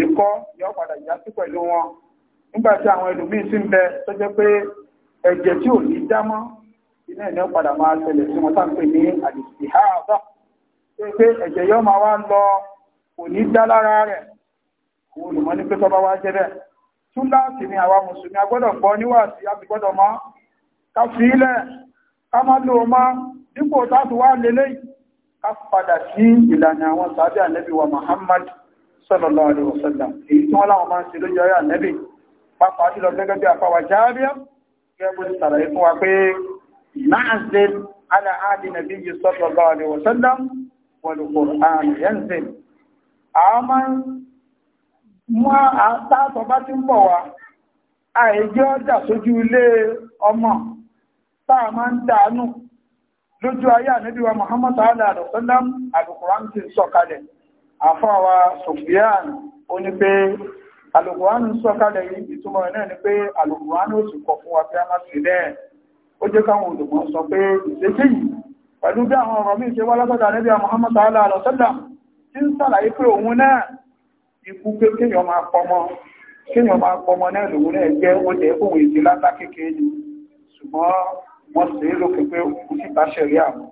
A: ikọ yọ padà já sí pẹ̀lú wọn nígbà tí àwọn ẹlòmíì sì bẹ tó jẹ́ pé ẹjẹ tí ò ní dá mọ́ iná ìná padà máa ṣẹlẹ̀ sí wọn sáńpẹ̀ ní àdìsí ààbọ̀ tó pé yọ máa wá lọ rẹ̀ ní pé bẹ́ẹ̀ tún láti àwa mùsùlùmí agbọ́dọ̀ gbọ́ níwàásí a ká padà sí ìlànà àwọn sàábí ànẹ́bí wa Muhammad sallallahu alaihi wasallam èyí tí wọ́n láwọn máa ń ṣe lójú ayé ànẹ́bí pápá jùlọ gẹ́gẹ́ bí àpáwà ala ahdi nabiyyi sallallahu wasallam wal Qur'an yanzil àmọ́ mọ́ àtàtọ̀ bá ti ń bọ̀ lójú ayé ànábì wa Muhammad sallallahu alaihi wasallam alukuran ti sọ̀kalẹ̀ àfáwa Sufyan ó ní pé alukuran sọ̀kalẹ̀ yìí ìtumọ̀ náà ni pé alukuran ó sì kọ̀ fún wa pé a má ó jẹ́ káwọn sọ pé ìṣẹ́jẹ́ yìí pẹ̀lú bí àwọn ọ̀rọ̀ míì ṣe wá wọ́n sì ń lókè pé kú sí bá ṣẹ̀rí àwọn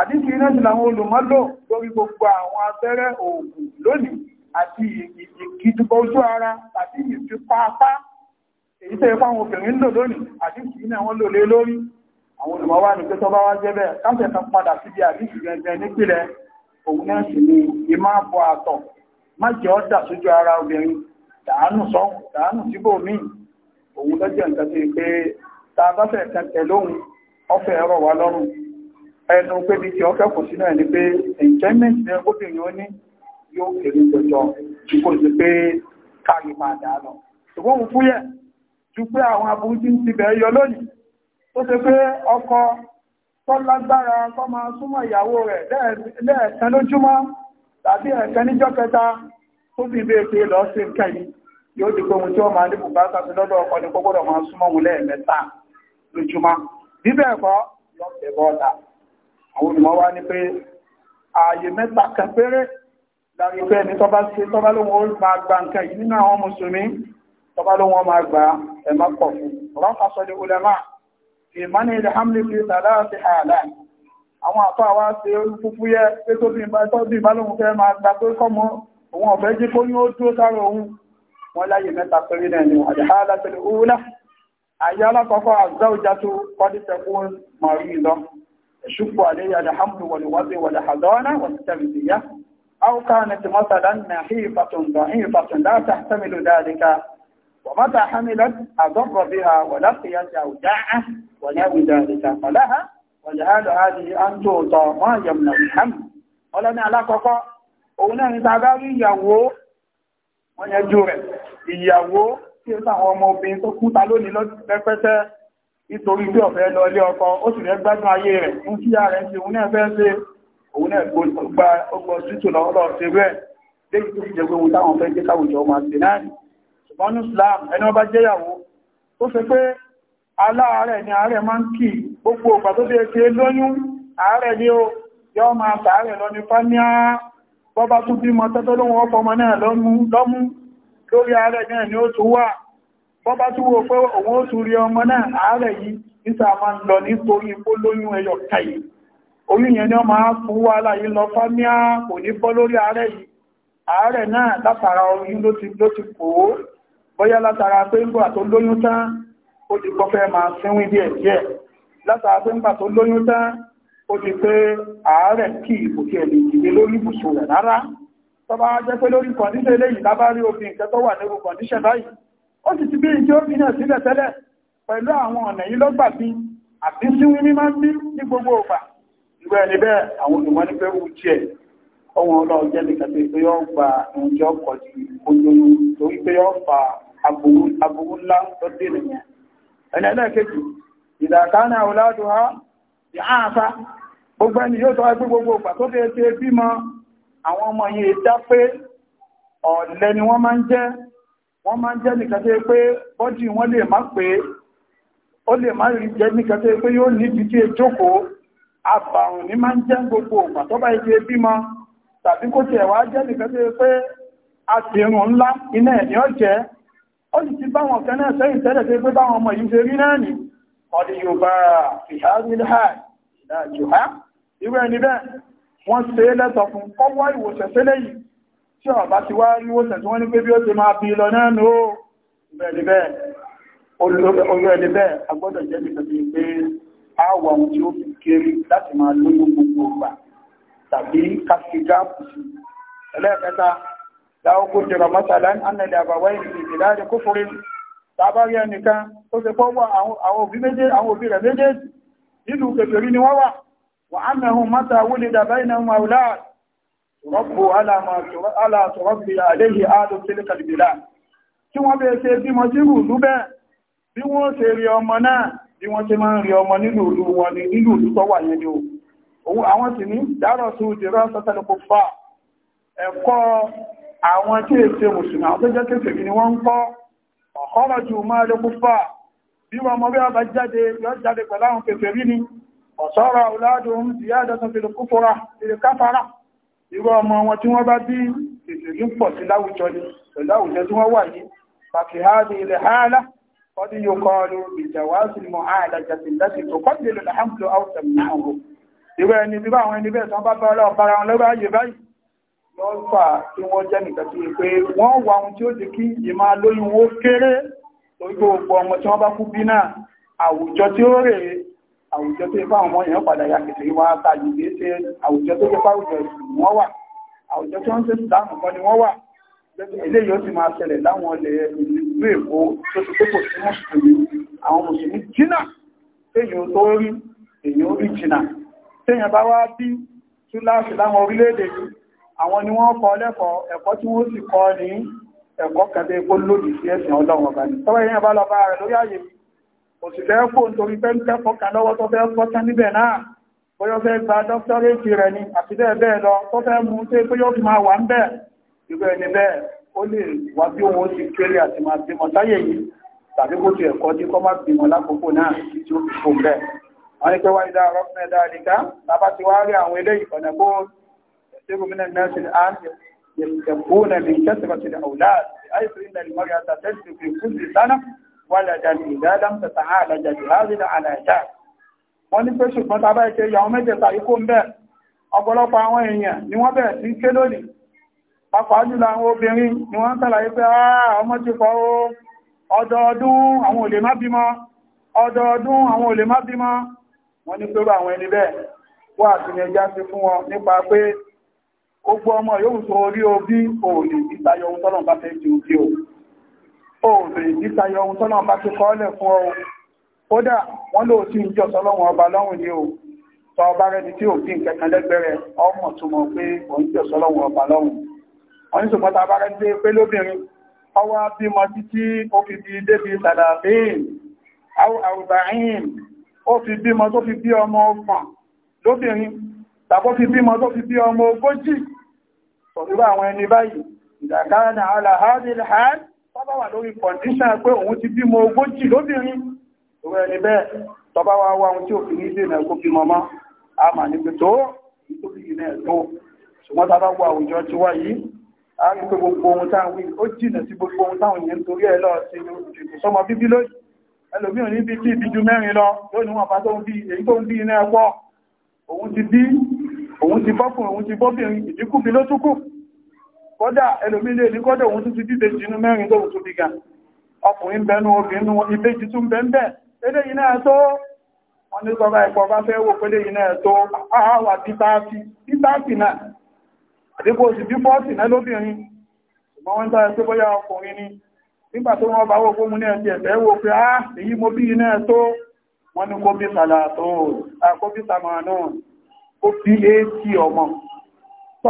A: àdífi iná jùlọ àwọn olùmọ́lò lórí gbogbo àwọn abẹ́rẹ́ òògùn lónìí àti ìgidùbọ̀ ojú ara àti ìfipáapá èyí tẹ́ ipá àwọn obìnrin lò lónìí àdífi iná wọn lò lé lórí àwọn olùmọ́wà ní pé tọ́bá wá jẹ́ bẹ́ẹ̀ káńtẹ̀ kan padà síbi àdífi gẹ̀ẹ́gẹ́ nípìnlẹ̀ òun náà sì ni ìmá bọ àtọ̀ má jẹ́ ọ́ dà sójú ara obìnrin dàánù sọ́hùn dàánù síbò míì òun lọ́jọ́ nǹkan tó yẹ pé tá a bá fẹ́ kẹtẹ̀ lóhun ọfẹ́ ẹ̀rọ wa lọ́rùn ẹnu pé bí ti enjoyment ní obìnrin ó ní yóò kéré jọjọ tí kò sí pé káàrí máa dà lọ ṣùgbọ́n mo fúyẹ̀ ju pé àwọn aburú tí ń ti bẹ̀ẹ́ yọ lónìí tó ṣe pé ọkọ tó lágbára kó máa súnmọ́ ìyàwó rẹ̀ lẹ́ẹ̀kan lójúmọ́ tàbí ẹ̀ẹ̀kan níjọ́ kẹta tó fi bẹ́ẹ̀ pé lọ sí nǹkan yìí yóò di pé ohun tí wọ́n máa ní bùkátà sí lọ́dọ̀ ọkọ ni kó gbọ́dọ̀ máa súnmọ́ òun lẹ́ẹ̀mẹ́ta lójúmọ́ bíbẹ̀ ẹ̀kọ́ yọ tẹ̀bọ́ ọ̀dà àwọn olùmọ̀ wá ní pé ààyè mẹ́ta kan péré lárí pé ẹni tọ́bá ṣe tọ́bá lóhun ó máa gba nǹkan yìí nínú àwọn mùsùlùmí tọ́bá lóhun ó máa gba ẹ̀mọ́ pọ̀ fún rọ́pà sọ́dẹ̀ ulama ìmọ́ni ilẹ̀ hamlin fi sàdá àti àlà àwọn àpá wa ṣe fúfú yẹ pé tó bí tọ́bí bá lóhun fẹ́ máa gba pé kọ́mọ òun ọ̀fẹ́ jí kó ní ó dúró sára òun wọ́n láyè mẹ́ta péré náà ni àdìhálà tẹ̀lé òwúlà àyà alákọ̀ọ́kọ́ الزوجة قد تكون مريضة ṣùgbọ́ عليها alhamdu wàlúwàbí والحضانة wàlútẹ̀mìdìyà أو كانت مثلا نحيفة ضعيفة لا تحتمل ذلك ومتى حملت أضر بها ولقيت أوجاعه ونحو ذلك فلها ولهذا هذه أن تعطى ما يمنع الحمل ولا نعلاقك أولا نتعبى ìyàwó wọ́n yẹjú rẹ̀ ìyàwó tí ó sàwọn ọmọ obìnrin tó kúta lónìí lọ́pẹ́sẹ́ nítorí pé ọ̀fẹ́ lọ ilé ọkọ ó sì rẹ̀ gbádùn ayé rẹ̀ ń kí ààrẹ ń ṣe òun náà fẹ́ ṣe òun náà gba ọgbọ̀n títù lọ́wọ́lọ́ ṣe rẹ̀ léyìí tó fi jẹ́ pé òun táwọn fẹ́ jẹ́ káwùjọ ọmọ àti náà ṣùgbọ́n ní Islam ẹni ọba jẹ́yàwó tó ṣe pé aláàárẹ̀ ni àárẹ̀ máa ń kì gbogbo ọgbà tó ṣe ṣe lóyún àárẹ̀ ni ó yọ máa tààrẹ̀ lọ lórí ààrẹ náà ni ó tún wà bọ́ bá tún wò pé òun ó tún rí ọmọ náà ààrẹ yìí níta máa ń lọ nítorí ipò lóyún ẹyọ kàyè oyún yẹn ni ó máa fún wá láyé lọ fámíà kò ní bọ́ lórí ààrẹ yìí ààrẹ náà látara oyún ló ti ló ti kò ó látara pé ń gbà tó lóyún tán ó ti fẹ́ máa sínwín díẹ̀ díẹ̀ látara pé ń gbà tó lóyún tó bá jẹ́ pé lórí kọ̀ndíṣẹ́ lẹ́yìn lábárí òfin nǹkan tó wà lórí kọ̀ndíṣẹ́ báyìí ó sì ti bí i tí ó fi náà sílẹ̀ tẹ́lẹ̀ pẹ̀lú àwọn ọ̀nà yìí lọ́gbà bí àbí síwí ní máa ń bí ní gbogbo ọ̀pá ìwé ẹni bẹ́ẹ̀ àwọn olùmọ́ ní pé wù tiẹ̀ ọwọ́n ọlọ́run jẹ́ nìkan tó pé yọ́ gba oúnjẹ ọkọ̀ ju ojoojú torí pé yọ́ fa aburú ńlá tó dé nìyẹn ẹni ẹlẹ́ẹ̀kejì ìdàkánà ọ̀làdùn ha ìhànfà gbogbo ẹni yóò tọ́ ẹgbẹ́ gbogbo ọ̀pá tó dé ṣe bímọ àwọn ọmọ yìí dá pé ọ̀lẹ ni wọ́n máa ń jẹ́ wọ́n máa ń jẹ́ nìkan pé bọ́dì wọ́n lè má pé ó lè má rí jẹ́ nìkan pé yóò níbi tí ejókòó àbàrùn ní máa ń jẹ́ gbogbo ọ̀gbà tó bá ike bímọ tàbí kó tiẹ̀ wá jẹ́ nìkan pé a ti rùn ńlá iná ẹ̀ ní ọ̀jẹ́ ó sì ti báwọn kan náà sẹ́yìn tẹ́lẹ̀ pé báwọn ọmọ yìí ṣe rí náà nì ọdí Yorùbá fìhá rí ìdájọ́ ha irú ẹni bẹ́ẹ̀ wọ́n ṣe lẹ́tọ̀ fún kọ́wọ́ ìwòsàn sílẹ̀ yìí tí ọ̀bá ti wá ìwòsàn tí wọ́n ní pé bí ó ti máa bí lọ náà ní ó bẹ̀rẹ̀ bẹ́ẹ̀ agbọ́dọ̀ jẹ́ nìkan bí pé àwọ̀ àwọn tí ó fi kéré láti máa lóyún gbogbo ọgbà tàbí kásìgáàpù sí ẹlẹ́ẹ̀kẹta láwọ́kú jẹrọ mọ́sàlá annàlẹ̀ àbàwá ìrìnlẹ̀ láàrin kúfúrin tàbárí ẹnìkan ó ti pọ́wọ́ àwọn òbí rẹ̀ méjèèjì nínú kèfèrí ni wọ́n wà وأنه متى ولد بينهم أولاد ربوا على ما على تربي عليه أهل تلك البلاد tí wọ́n bẹ̀rẹ̀ ṣe bímọ sí ìlú bẹ́ẹ̀ bí wọ́n ṣe rí ọmọ náà bí wọ́n ṣe máa ń rí ọmọ nínú ìlú wọn ni nínú ìlú tó wà yẹn ni òun àwọn sì ní dárọ̀ sí ìdírọ̀ sọ́tẹ́lẹ́kọ́ fà ẹ̀kọ́ àwọn tí è ṣe mùsùlùmí àwọn tó jẹ́ kéfèé ni wọ́n ń kọ́ ọ̀kọ́rọ̀ jù máa lókú fà bí wọn mọ bí wọn bá jáde yọ jáde pẹ̀lú àwọn kéfèé ni ọ̀sọ́rọ̀ àwùládùn ìyádọ́tún fi lùkúfọ́ra irú ọmọ wọn tí wọ́n bá bí ìtìlú pọ̀ sí láwùjọ ni pẹ̀lú àwùjọ tí wọ́n wà yìí pàfihàdì ilẹ̀ hálà ọdún yóò kọ́ ọdún ìjàwásí mọ̀ àìlàjà sí láti tó kọ́ nílò làhámùlò àwùjọ náà wò ìwé ẹni bí àwọn ẹni bẹ́ẹ̀ tán bá bá ọlọ́ bára wọn lọ́gbà ayé báyìí lọ́n fà tí wọ́n jẹ́ nìkan sí pé wọ́n wà ohun tí ó ti kí ìmá lóyún ó kéré lórí gbogbo ọmọ tí wọ́n bá kú bí náà àwùjọ tí ó rèé àwùjọ tó ipá àwọn èèyàn padà ya kẹsẹ̀ wá tàbí lè ṣe àwùjọ tó ipá àwùjọ ìsìn wọ́n wà àwùjọ tó ń ṣe sùdánù kan ni wọ́n wà eléyìí ó sì máa ṣẹlẹ̀ láwọn ilẹ̀ ìlú èkó tó ti pé kò sí mùsùlùmí àwọn mùsùlùmí jìnnà téèyàn tó rí èèyàn rí jìnnà téèyàn bá wá bí túláàsì láwọn orílẹ̀-èdè yìí àwọn ni wọ́n kọ́ lẹ́kọ̀ọ́ ẹ̀kọ́ tí wọ́n sì kọ́ ní ẹ̀kọ́ kẹta epo lòdì sí ẹ̀sìn ọlọ́run ọba ni tọ́wọ́ èèyàn bá lọ bá rẹ̀ lórí àyè yìí òsì fẹ́ kó nítorí pé ń kẹ́kọ̀ọ́ kan lọ́wọ́ tó fẹ́ kọ́ tán níbẹ̀ náà bóyọ́ fẹ́ gba dọ́kítọ́rẹ́tì rẹ̀ ni àti bẹ́ẹ̀ bẹ́ẹ̀ lọ tó fẹ́ mú tó pé yóò fi máa wà ń bẹ̀ ìgbẹ́ ẹni bẹ́ẹ̀ ó lè wá bí òun ó ti kéré àti máa bímọ sáyè yìí tàbí kó ti ẹ̀kọ́ dí kọ́ má bímọ lákòókò náà tí ó fi fún bẹ́ẹ̀ wọ́n ní pé wá ìdá ọlọ́pìn ẹ̀dá àdìgá lábá ti wá rí àwọn eléyìí ọ̀nà kó ẹ̀sẹ̀ gómìnà mẹ́sì àti yẹ̀kẹ̀kú nà lè kẹ́sìmọ̀ waladan idha lam tata'alaj bi hadhihi al-'alajat wọ́n ní pé ṣùgbọ́n tàbá ìṣe ìyàwó mẹ́tẹ̀ẹ̀ta ikú ń bẹ̀ ọ̀pọ̀lọpọ̀ àwọn èèyàn ni wọ́n bẹ̀rẹ̀ sí ké lónìí pàpàá jùlọ àwọn obìnrin ni wọ́n ń sàlàyé pé ọmọ ti fọ́ ó ọdọọdún àwọn olè má bímọ ọdọọdún àwọn olè má bímọ wọ́n ní pẹ̀lú àwọn ẹni bẹ́ẹ̀ wọ́n àti ní ẹjá sí òòrè nítayọ ohun tọ́lọ́wọ́n bá ti kọ́ọ́lẹ̀ fún ọ kódà wọ́n lóò tí ń jọ sọ́lọ́wọ́n ọba lọ́rùn ni o tọ ọba rẹni tí ò bí nǹkan lẹ́gbẹ̀rẹ̀ ọmọ tó mọ̀ pé òun jọ sọ́lọ́wọ́n ọba lọ́rùn wọ́n ní ṣùgbọ́n tàbá rẹ̀ dé pé lóbìnrin ọwọ́ bímọ títí ó fi di débi sàdàbíìn àrùbáyìn ó fi bímọ tó fi bí ọmọ ọgbọ̀n lóbìnrin tàbó fi bímọ tó fi bí ọmọ ogójì sọ̀rọ̀ àwọn ẹni báyìí ìdàkára náà tọ́bá wà lórí kọ̀ǹdíṣàn pé òun ti bímọ ogójì lóbìnrin òun ẹni bẹ́ẹ̀ tọ́bá wá wá ohun tí òfin ní dènà kó bímọ mọ́ a mà ní pé tó nítorí ìrìn ẹ̀ tó ṣùgbọ́n tọ́bá wá àwùjọ ti wá yìí a rí pé gbogbo ohun táwọn wí ó jìnà sí gbogbo ohun táwọn yẹn torí ẹ̀ lọ sí ìdìbò sọmọ bíbí lónìí ẹlòmíràn níbi tí ìbí ju mẹ́rin lọ lónìí wọn bá tó ń bí èyí tó ń bí iná ẹ̀pọ̀ òun ti bí òun ti bọ́kùn òun ti bọ́bìnrin ìdínkù bí ló túkù kódà ẹlòmílẹ̀ ní kódà òun tún ti dìde jínú mẹ́rin tó tún bí ga ọkùnrin bẹnu obìnrin ìbejì tún bẹ́ẹ̀ eléyìí náà tó wọ́n ní sọ́bá ẹ̀kọ́ bá fẹ́ wò pélé yìí náà tó àwà títàtì náà àdíkò sí bí fọ́ọ̀sì náà lóbìnrin ṣùgbọ́n wọ́n tàbí pé bóyá ọkùnrin ni nígbà tó wọ́n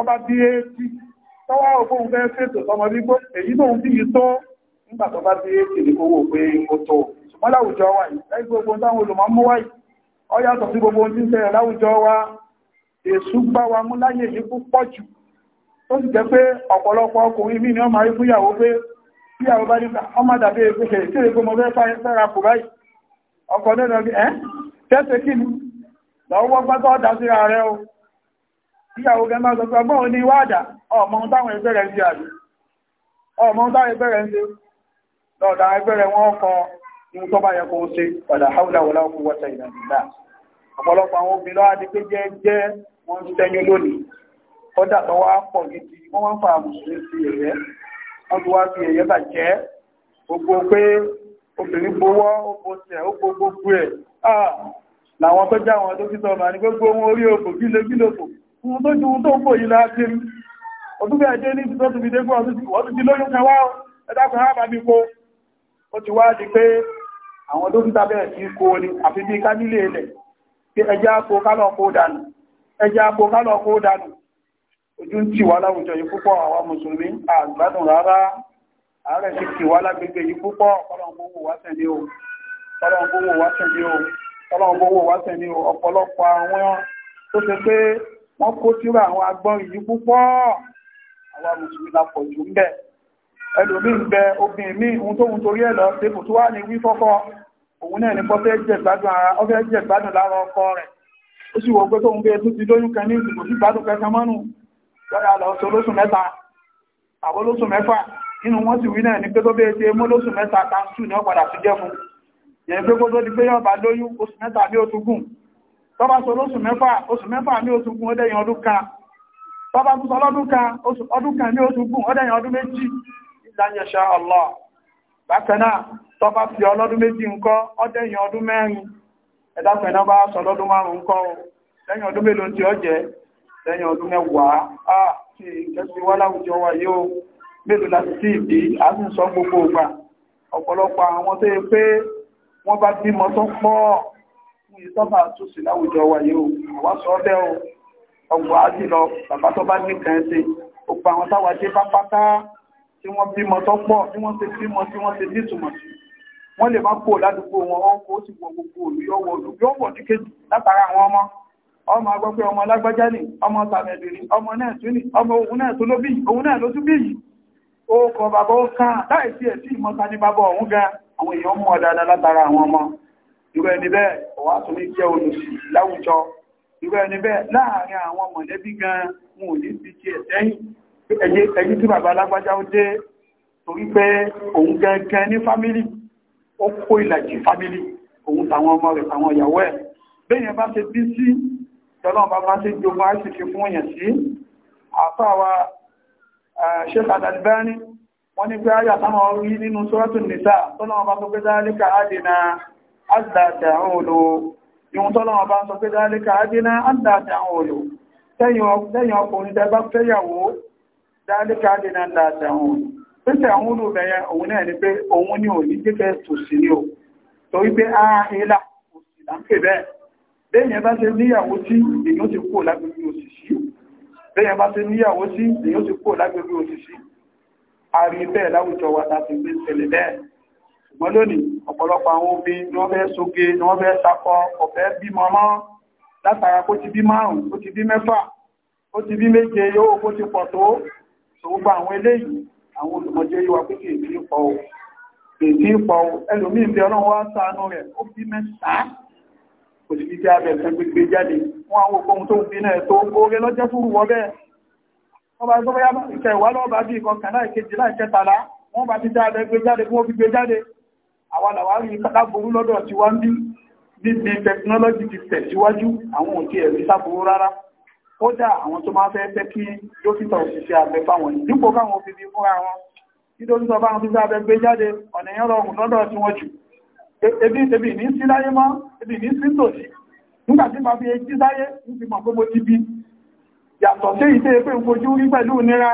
A: bá bí tọ́wọ́ ogun fẹ́ fètò tọmọ gbígbó èyí tó ń bí i tó nígbà tó bá dé èdè owó pé ó ṣùgbọ́n láwùjọ wa yìí gbogbo táwọn olùmọ̀ mú wáyìí ọ yàtọ̀ sí gbogbo tí ń láwùjọ wa èṣù wa mú láyé yìí jù tó sì jẹ́ pé ọ̀pọ̀lọpọ̀ ọkùnrin mí ni ọmọ pé bá ọmọ dàbí ṣe mo fẹ́ kù báyìí ọkọ̀ ìyàwó gẹ̀mà sọ̀tọ̀ ọgbọ́n ní wádà ọmọ táwọn ẹgbẹ́ rẹ̀ ń ṣe àrí ọmọ táwọn ẹgbẹ́ rẹ̀ ń ṣe lọ́ọ̀dá ẹgbẹ́ rẹ̀ wọ́n kọ ihun tó bá yẹ kó ṣe padà haúlà wọlá kú wọ́ta ìdàgbà ọ̀pọ̀lọpọ̀ àwọn obìnrin lọ́wọ́ adé pé jẹ́ jẹ́ wọ́n ń sẹ́yìn lónìí kọ́dà tó wá pọ̀ gidi wọ́n wá ń fa àmùsùn sí ẹ̀yẹ́ wọ́n ti wá fi ẹ̀yẹ́ bà jẹ́ gbogbo pé já ah! wọn tó fi sọ ọmọ ní gbogbo wọn orí òkò kí ohun tó ju ohun tó ń pò yìí láti rí ọdún bí ajé ní ìtìtọ́ ti fi dégbò ọdún ti lóyún kan wá ẹ̀dàkùn àbá mi kó ó ti wá di pé àwọn dókítà bẹ̀rẹ̀ sí kó ní àfi bí ká nílé ilẹ̀ pé ẹjẹ́ àpò kálọ̀ kó dànù ẹjẹ́ àpò kálọ̀ kó dànù ojú ń tì wá láwùjọ yìí púpọ̀ àwa mùsùlùmí àgbádùn rárá ààrẹ ti tì wá lágbègbè yìí púpọ̀ o ọlọ́ngbówó wá tẹ̀lé o ọlọ́ngbówó wá tẹ̀lé o ọ̀pọ̀lọpọ̀ àwọn tó ṣe wọ́n kó tíra àwọn agbọ́n yìí púpọ̀ àwọn mùsùlùmí lápọ̀jù ń bẹ ẹlòmí ń bẹ obìnrin mí ohun tóhun torí ẹ̀ lọ sí kùtù wà ní wí fọ́fọ́ òun náà ní bọ́fẹ́ jẹ gbádùn ara ọfẹ́ jẹ gbádùn lára ọkọ rẹ̀ ó sì wọ́n pé tóhun bẹ́ẹ̀ tún ti lóyún kan ní ìdìbò sí gbádùn kẹsàn mọ́nù lọ́yà lọ sí olóṣù mẹ́ta àwọn olóṣù mẹ́fà nínú wọn sì wí náà ní pé tó bẹ́ẹ̀ ṣe mú olóṣù mẹ́ta kan sùn ní ọ̀padà sí jẹ́ fún yẹn pé kó tó tọ́bá sọ lóṣù mẹ́fà oṣù mẹ́fà ní oṣù gún ọdẹ́yìn ọdún kan tọ́bá tún sọ lọ́dún kan ọdún kan ní oṣù gún ọdẹ́yìn ọdún méjì ìlànyẹ̀ṣà Allah bákaná tọ́bá fi ọlọ́dún méjì ńkọ́ ọdẹ́yìn ọdún mẹ́rin ẹ̀dàpẹ̀ná bá sọ lọ́dún márùn ńkọ́ lẹ́yìn ọdún mélòó tí ó jẹ́ lẹ́yìn ọdún mẹ́wàá á ti ìjọsí wá láwùjọ wa yóò mélòó láti sí ìdí a sì ń sọ gbogbo ògbà ọ̀pọ̀lọpọ̀ àwọn tó yẹ pé wọ́n bá bímọ tó pọ̀ fún ìtọ́bà tó sì láwùjọ wa yóò àwọn sọ bẹ́ o ọgbọ̀ ájì lọ bàbá tó bá ní kan ṣe gbogbo àwọn táwa dé bá pátá tí wọ́n bímọ tó pọ̀ tí wọ́n ṣe bímọ tí wọ́n ṣe nítumọ̀ sí wọ́n lè má kó ládùúgbò wọn wọ́n kó sì wọ gbogbo olùyọ́wọ́ olùyọ́wọ́ ní kejì látara àwọn ọmọ ọmọ agbọ́gbẹ́ ọmọ alágbájá ní ọmọ tàbẹ̀dìrí ọmọ náà tún ní ọmọ òun náà tó ló bí òun náà ló tún bí yìí ó kọ bàbá ó kàn láìsí ẹ̀ sí ìmọ̀ta ní bàbá òun ga àwọn èèyàn mú ọ̀dáadáa látara àwọn ọmọ irú ẹni bẹ́ẹ̀ ọ̀wá tó ní jẹ́ olùsì láwùjọ irú ẹni bẹ́ẹ̀ láàrin àwọn mọ̀lẹ́bí gan wọn ò ní ti ti ẹ̀ sẹ́yìn ẹ̀yí tí bàbá alágbájá ó dé torí pé òun gẹ́gẹ́ ní fámílì ó kó ìlàjì fámílì òun tàwọn ọmọ rẹ̀ tàwọn ìyàwó ẹ̀ bẹ́yẹn bá ṣe bí sí tọ́lọ́n bá bá ṣe jogun àìsìkí fún èèyàn sí àfáwà Sheikh Al-Albani wọ́n ní pé áyà táwọn orí nínú Suratul Nisa tọ́lọ́n bá tó pé dáríkà á dènà àdàdàúlò ìwọ̀n tọ́lọ́wọ́ bá ń sọ pé dáríkà adínà àdàdàúlò tẹ́yìn ọkùnrin tẹ́ bá fẹ́yàwó dáríkà adínà àdàdàúlò pẹ́sẹ̀ àwọn olùbẹ̀yẹ òun náà ni pé òun ni ò ní jẹ́kẹ́ tòsí ní o torí pé ààrẹ́là òsì là ń pè bẹ́ẹ̀ bẹ́yẹn bá ṣe níyàwó tí èyàn ti kúrò lágbègbè òṣìṣí bẹ́yẹn bá ṣe níyàwó tí èyàn ti kúrò lágbègbè òṣìṣí a rí bẹ́ẹ̀ láwùjọ wa láti gbé ṣẹlẹ̀ bẹ́ẹ̀ ṣùgbọ́n lónìí ọ̀pọ̀lọpọ̀ àwọn obìn ni wọ́n fẹ́ sóge ni wọ́n fẹ́ sakọ ọ̀fẹ́ bímọ mọ́ látara kó ti bí márùn-ún kó ti bí mẹ́fà ó ti bí méje yóò kó ti pọ̀ tó ṣòwúgbà àwọn eléyìí àwọn olùmọ̀jẹ́ yíwa pé kì í pọ̀ o kì í pọ̀ o ẹlòmíì bí ọlọ́run wá ṣàánú rẹ̀ ó bí mẹ́sàn-án kò sì fi jẹ́ abẹ kan gbégbé jáde wọn àwọn òkòhun tó ń bí náà tó oore lọ́jọ́ fún wọ bẹ́ẹ̀ wọ́n bá gbọ́ bá ìkẹwàá lọ́ọ́ bá bí ìkọkànlá ìkejìlá ìkẹtàlá wọ́n bá ti jẹ́ abẹ gbé jáde fún ó gbé jáde àwọn àwọn àrí láburú lọ́dọ̀ tí wá ń bí níbi tẹkinọ́lọ́jì ti tẹ̀síwájú àwọn òkè ẹ̀rí sáburú rárá ó dá àwọn tó máa fẹ́ fẹ́ kí dókítà òṣìṣẹ́ abẹ fáwọn yìí dípò káwọn fi bí fúnra wọn kí dókítà bá wọn abẹ gbé jáde ọ̀nà èèyàn rọrùn lọ́dọ̀ tí wọ́n jù e, ebi ní sí láyé mọ́ ebi ní sí tòsí nígbà tí màá fi ejí sáyé ń fi mọ̀ pé mo ti bí yàtọ̀ sí ìṣe pé ń fojú rí pẹ̀lú nira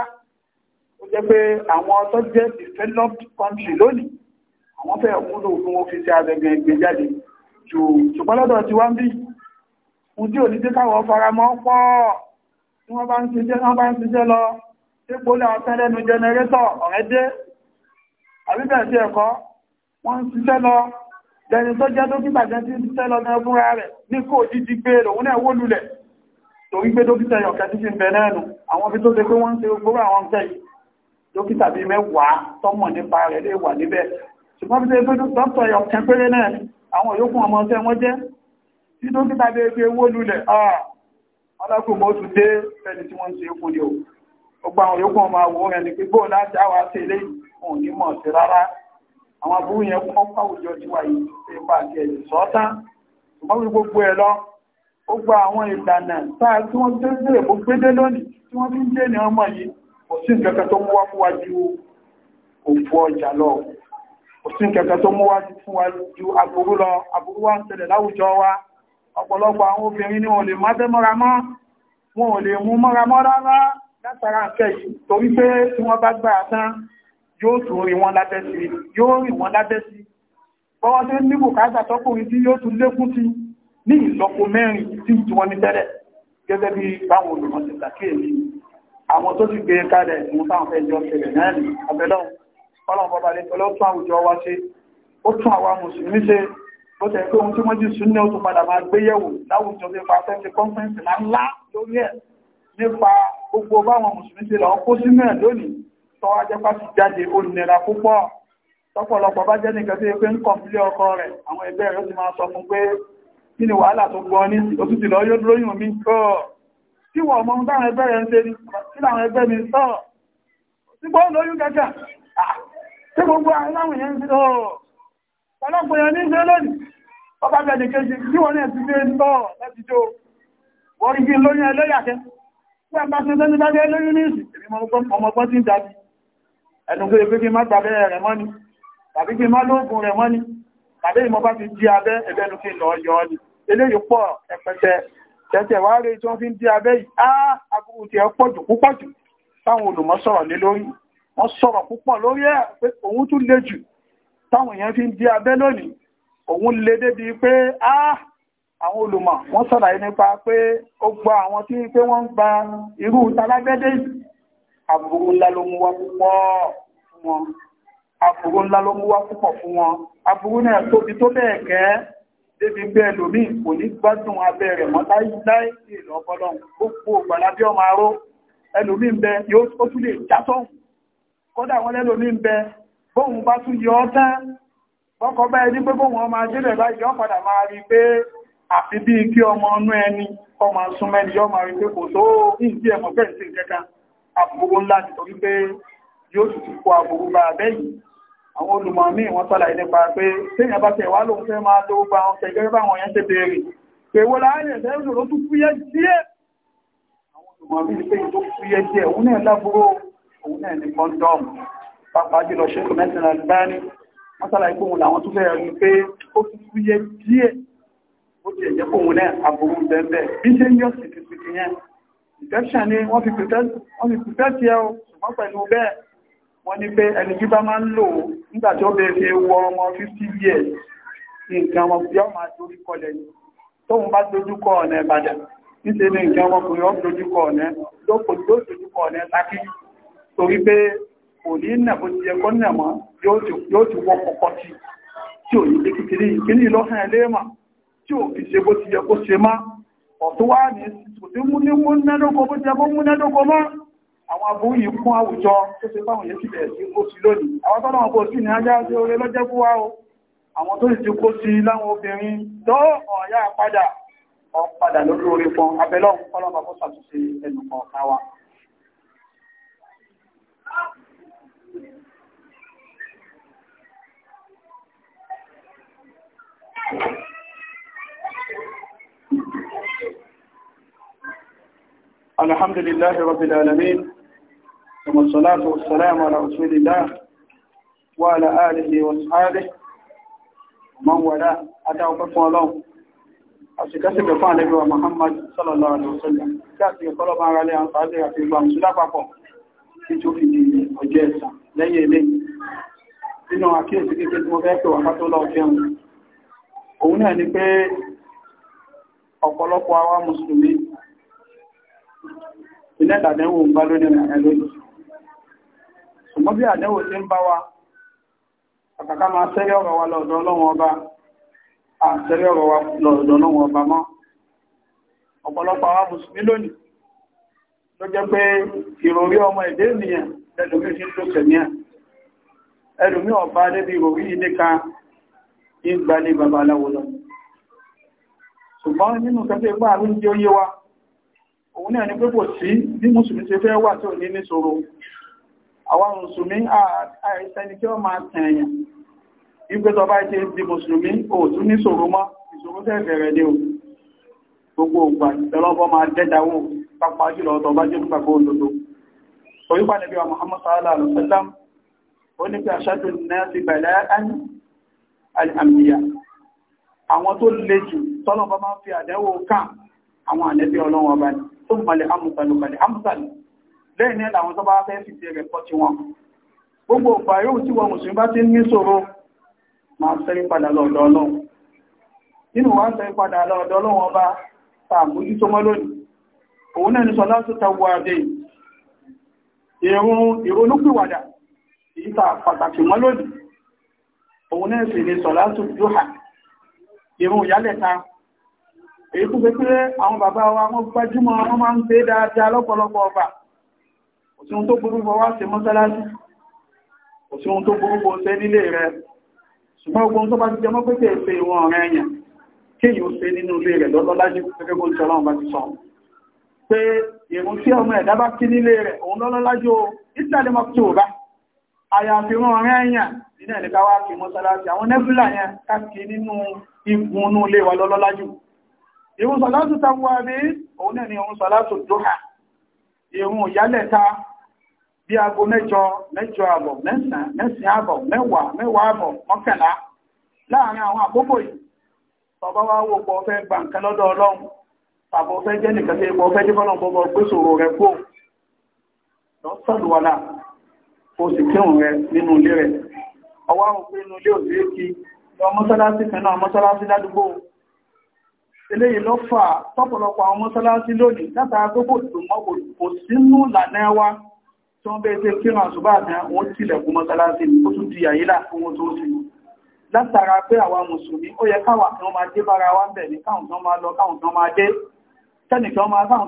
A: ó jẹ́ pé àwọn tó jẹ́ developed country lónìí àwọn fẹ́ kúndùn fún ó fi ṣe abẹ̀gbẹ̀ ẹgbẹ̀ jáde jù ṣùgbọ́n lọ́dọ̀ ti wá ń bí ojú òní tí káwọ̀ faramọ́ pọ̀ tí wọ́n bá ń ṣiṣẹ́ wọ́n bá ń ṣiṣẹ́ lọ ipò lẹ́ ọ̀tẹ́ lẹ́nu jẹnẹrétọ̀ ọ̀rẹ́ dé àbíbẹ̀ sí ẹ̀kọ́ wọ́n ń ṣiṣẹ́ lọ lẹ́ni tó jẹ́ dókítà jẹ́ tí ń ṣiṣẹ́ lọ ní ọdúnra rẹ̀ ní kò jíjí gbé lòun náà wó lulẹ̀ torí pé dókítà yọ̀kẹ́ tí fi ń bẹ nẹ́ẹ̀nù àwọn ibi tó ṣe pé wọ́n ń ṣe gbogbo àwọn nǹkan yìí dókítà bíi mẹ́wàá tọ́mọ̀ nípa rẹ̀ lè wà níbẹ̀ ṣùgbọ́n bí i dókítà ẹ̀yọ̀ kẹ́pẹ́rẹ́ náà àwọn yòókù ọmọ ọ̀tẹ́ wọ́n jẹ́ tí dókítà bí i ewó lulẹ̀ ọlọ́kùnmọ́ tún dé fẹ́ni tí wọ́n ń ṣe é fún ni ó ọgbà àwọn yòókù ọmọ àwọ̀ rẹ̀ ní pípò láti àwà sí ilé òun ní mọ̀ sí rárá àwọn abúrú yẹn kọ́ pàwùjọ tí wà yìí ṣe bá ti ẹ̀yìn sọ́tá ṣùgbọ́n bí gbogbo ẹ̀ lọ ó gba àwọn ìlànà táà tí wọ́n tó lè bó gbédé lónìí tí wọ́n fi ń dé ní ọmọ yìí kò sí nǹkan tó mú wá fún wájú òfò ọjà lọ kò sí kẹ̀kẹ́ tó mú wájú fún wa ju aburú lọ aburú wá ń ṣẹlẹ̀ láwùjọ wa ọ̀pọ̀lọpọ̀ àwọn obìnrin ni wọ́n lè má tẹ́mọ́ra mọ́ wọn ò lè mú mọ́ra mọ́ rárá látara ǹkẹ́ yìí torí pé tí wọ́n bá gbà tán yóò tún rí wọn lábẹ́ sí yóò rí wọn lábẹ́ sí bọ́wọ́ tó ní bùkátà tọkùnrin tí yóò tún lékún sí ní ìlọ́po mẹ́rin tí ìtú wọn ní tẹ́lẹ̀ gẹ́gẹ́ bí báwọn olùmọ̀ ti sàkíyèsí àwọn tó ti gbé e kalẹ̀ mú táwọn fẹ́ jọ ṣẹlẹ̀ náà ní abẹ́lọ́run ọlọ́run bọ́bá lè tọ́lọ́ tún àwùjọ wa ṣe ó tún àwa mùsùlùmí ṣe bó tẹ̀ pé ohun tí wọ́n jí súnlẹ̀ ó tún padà máa gbéyẹ̀wò láwùjọ nípa fẹ́ǹsì kọ́ńfẹ́ǹsì ńlá lórí ẹ̀ nípa gbogbo báwọn mùsùlùmí ṣe lọ kó sínú ẹ̀ lónìí tọ́wọ́ ajẹ́pá ti jáde ó nira púpọ̀ tọ́pọ̀lọpọ̀ bá jẹ́ nìkan tí ó pé ń kọ̀m̀pílẹ̀ ọkọ rẹ̀ àwọn ẹgbẹ́ rẹ̀ ti máa sọ fún pé kí ni wàhálà tó gbọ́ tí gbogbo aláwọ̀ yẹn ń sọ ọlọ́pọ̀ yẹn ní ṣe lónìí ọba bẹ̀rẹ̀ kejì tí wọ́n náà ti gbé ń tọ́ láti jó wọ́n rí bí lóyún ẹlẹ́yàkẹ́ tí a bá ti lẹ́nu dájẹ́ lóyún ní ìsìn ọmọgbọ́n ti ń dájú ẹnu pé pé kí má gbàbẹ́ rẹ̀ mọ́ni tàbí kí má lóògùn rẹ̀ mọ́ni tàbí ìmọ̀ bá ti di abẹ́ ẹgbẹ́nu kí lọ yọ ọ́ ni eléyìí pọ̀ ẹpẹtẹ tẹ́tẹ̀ wá rí tí wọ́n fi ń di abẹ́ yìí á aburú ti ẹ pọ̀jù púpọ̀jù táwọn olùmọ̀ sọ̀rọ̀ lé lórí wọ́n sọ̀rọ̀ púpọ̀ lórí ẹ̀ pé òun tún le jù táwọn èèyàn fi ń di abẹ́ lónìí òun le débi pé àwọn olùmọ̀ wọ́n sọ̀rọ̀ yìí nípa pé ó gba àwọn tí pé wọ́n ń gba irú talágbẹ́dẹ́ àbùrú ńlá ló mú wá púpọ̀ fún wọn àbùrú ńlá ló mú náà tóbi tó bẹ́ẹ̀ gẹ́ débi pé ẹlòmíì kò ní gbádùn abẹ́ rẹ̀ mọ́ láì ìlọ́bọ́lọ́hùn gbogbo ìgbàlábí ọmọ aró ẹlòmíì ń yóò tún lè já sọ́hùn kódà wọn lẹ́lò ní bẹ bóhun bá tún yọ tán bọ́kọ̀ bá ẹni pé bóhun ọmọ ajẹ́lẹ̀ bá yọ padà máa rí pé àfi bí kí ọmọ ọnú ẹni ọmọ súnmẹ́ni yọ máa rí pé kò tó ìdí ẹmọ bẹ́ẹ̀ sí kẹta àbúrú ńlá nítorí pé yóò sì ti kó àbúrú bá abẹ́yìn àwọn olùmọ̀ míì wọ́n sọ́lá nípa pé téèyàn bá tẹ̀wá lóun fẹ́ máa tó gba àwọn tẹ̀gẹ́rẹ́ bá wọn yẹn ṣe béèrè pé wọ́n láàárín ẹ̀fẹ́ òṣòro tó fúyẹ́ díẹ̀ àwọn olùmọ̀ míì pé tó fúyẹ́ díẹ̀ òun náà lábúrò òun náà ní kọ́ndọ́m pàápàá jùlọ ṣẹ́kù mẹ́sìn àgbáni wọ́n sálà ikú òun làwọn tó fẹ́ rí pé ó ti kú yẹ díẹ̀ ó ti ẹ̀jẹ̀ kóun náà àbúrú bẹ́ẹ̀ bí ṣe ń yọ sìkìsìkì yẹn infection ni wọ́n fi pìtẹ́ ti ẹ o ṣùgbọ́n pẹ̀lú bẹ́ẹ̀ wọ́n ní pé ẹni bí bá máa ń lò nígbà tí ó bẹ̀rẹ̀ fi wọ ọmọ 50 years nǹkan ọmọkùnrin ọmọ àtòrí kọlẹ̀ ni tóun bá dojúkọ ọ̀nà Ìbàdàn níṣẹ́ ni nǹkan ọmọkùnrin ọmọ dojúkọ ọ̀nà lókòó dojúkọ ọ̀nà Ṣakí torí pé kò ní nà ti yẹ kọ́ nà yóò ti wọ́ kọ́kọ́ tí tí ò ní lé kékeré ìkíní lọ́sàn ẹlẹ́mà tí ò fi ṣe bó ti yẹ kó ṣe má ọ̀tọ́ wá ní kò sí múní múnádókò bó ti yẹ kó múnádókò mọ́ àwọn aburú yìí kún àwùjọ tó ṣe fáwọn yẹn bẹ̀rẹ̀ sí kó sí lónìí àwọn tọ́nà ọkọ̀ sí ní ajá sí orí lọ́jẹ́ fún wa o àwọn tó sì ti kó sí láwọn obìnrin tó ọ̀yá padà ọ̀padà lórí orí fún abẹ́lọ́ ọlọ́pàá kó ṣàtúnṣe wa الحمد لله رب العالمين ثم الصلاة والسلام على رسول الله وعلى آله وصحابه ومن والاه أدعو كفو الله àṣìkásí pẹ̀fún àlẹ́gbẹ̀wà Muhammad sallallahu alaihi wasallam tí a ti kọ́lọ̀ bá ara lé àwọn tàbí àti ìgbà mùsùlá papọ̀ tí tó fi di ọjọ́ ẹ̀sà lẹ́yìn ilé nínú àkíyèsí kékeré tí mo fẹ́ pè wà pátó lọ jẹun òun náà ni pé ọ̀pọ̀lọpọ̀ àwa mùsùlùmí ilẹ̀ ìdàdẹ́wò ń bá lónìí rẹ̀ lónìí ṣùgbọ́n bí àdẹ́wò tí ń bá wa àkàkà máa sẹ́rẹ́ ọ̀rọ̀ wa lọ́dọ̀ ọlọ́wọ́n ọba àṣẹ́rẹ́ ọ̀rọ̀ wa lọ́dọ̀ ọlọ́wọ́n ọba mọ́ ọ̀pọ̀lọpọ̀ àwọn mùsùlùmí lónìí ló jẹ́ pé ìròrí ọmọ èdè ènìyàn ẹlòmí sí tó sẹ̀míà ẹlòmí ọba débi ìròrí ilé kan ń gbalé babaláwo lọ ṣùgbọ́n nínú kẹfẹ́ gbáà ló ń jẹ́ óyé wa òun náà ni pé kò sí bí mùsùlùmí ṣe fẹ́ wà tí ò ní ní ṣòro àwọn mùsùlùmí àìsẹni tí ó máa tẹ̀yàn ìgbé tọba ṣe di mùsùlùmí ò tún ní ṣòro mọ́ ìṣòro tẹ́ bẹ̀rẹ̀ ní o gbogbo ògbà ìtẹ́lọ́bọ́ máa dẹ́dáwó pápá jùlọ tọba jẹ́ nígbàgbọ́ òdodo orípa Muhammad sallallahu alaihi wasallam ó ní pé aṣáájú náà ti bẹ̀rẹ̀ ẹni àmìyà àwọn tó le jù tọ́lọ́bọ́ máa fi àdẹ́wò kàn àwọn ànẹ́bí ọlọ́wọ́ bá tó mọ̀lẹ̀ amùsàlù mọ̀lẹ̀ amùsàlù lẹ́yìn ní àwọn tó bá fẹ́ fi ti rẹ̀ pọ̀ tí wọn gbogbo ọ̀pá yóò tí wọn mùsùlùmí bá ti ní ṣòro máa sẹ́rí padà lọ́dọ̀ ọlọ́run nínú wá sẹ́rí padà lọ́dọ̀ ọlọ́run ọba tààbójú tó mọ́ lónìí òun náà ní sọ láti tàwọ àdé ìrònúpìwàdà èyí tà pàtàkì mọ́ lónìí òun náà sì ní èyí tó fẹ́ pé àwọn bàbá wa wọ́n gbájúmọ̀ wọ́n máa ń pé dáadáa lọ́pọ̀lọpọ̀ ọba òsùn tó burú bọ́ wá sí mọ́sálásí òsùn tó burú bọ́ sẹ́ nílé rẹ̀ ṣùgbọ́n ogun tó bá ti jẹmọ́ pé kèé pé ìwọ̀n ọ̀rẹ́ ẹ̀yàn kéyìn ó ṣe nínú ilé rẹ̀ lọ́lọ́lájú gẹ́gẹ́ bó ń sọ ọlọ́run bá ti sọ pé ìrùn tí ọmọ ẹ̀dá bá kí nílé rẹ̀ òun lọ́lọ́lájú ìtàlẹ́ mọ́ tó bá àyàfi wọn ọ̀rẹ́ ẹ̀yàn nínú ẹ̀lẹ́ká wá kí mọ́sálásí àwọn nẹ́fúlà yẹn ká kí nínú igun inú ilé wa lọ́lọ́lájú ìrun sọ̀látù tàwàbí òun náà ni ìrun sọ̀látù dúhà ìrun ìyálẹ̀ta bí aago mẹ́jọ mẹ́jọ àbọ̀ mẹ́sàn mẹ́sàn àbọ̀ mẹ́wàá mẹ́wàá àbọ̀ mọ́kànlá láàrin àwọn àkókò yìí bàbá wa wò pọ̀ fẹ́ gba nǹkan lọ́dọ̀ ọlọ́run bàbá fẹ́ jẹ́ nìkan tí ipò fẹ́ dífọ́nà gbogbo gbé sòrò rẹ̀ kó lọ eléyìí ló fà tọ́pọ̀lọpọ̀ àwọn mọ́sálásí lónìí látara tó kò tó mọ́ kò sínú lànà wa tí wọ́n bẹ́ẹ̀ tẹ́ kí ràn ṣùgbọ́n àti àwọn tilẹ̀kùn mọ́sálásí ó tún di àyílà fún wọn tó sì látara pé àwa mùsùlùmí ó yẹ káwa kan máa dé bára wa ń bẹ̀ ní káwọn kan máa lọ káwọn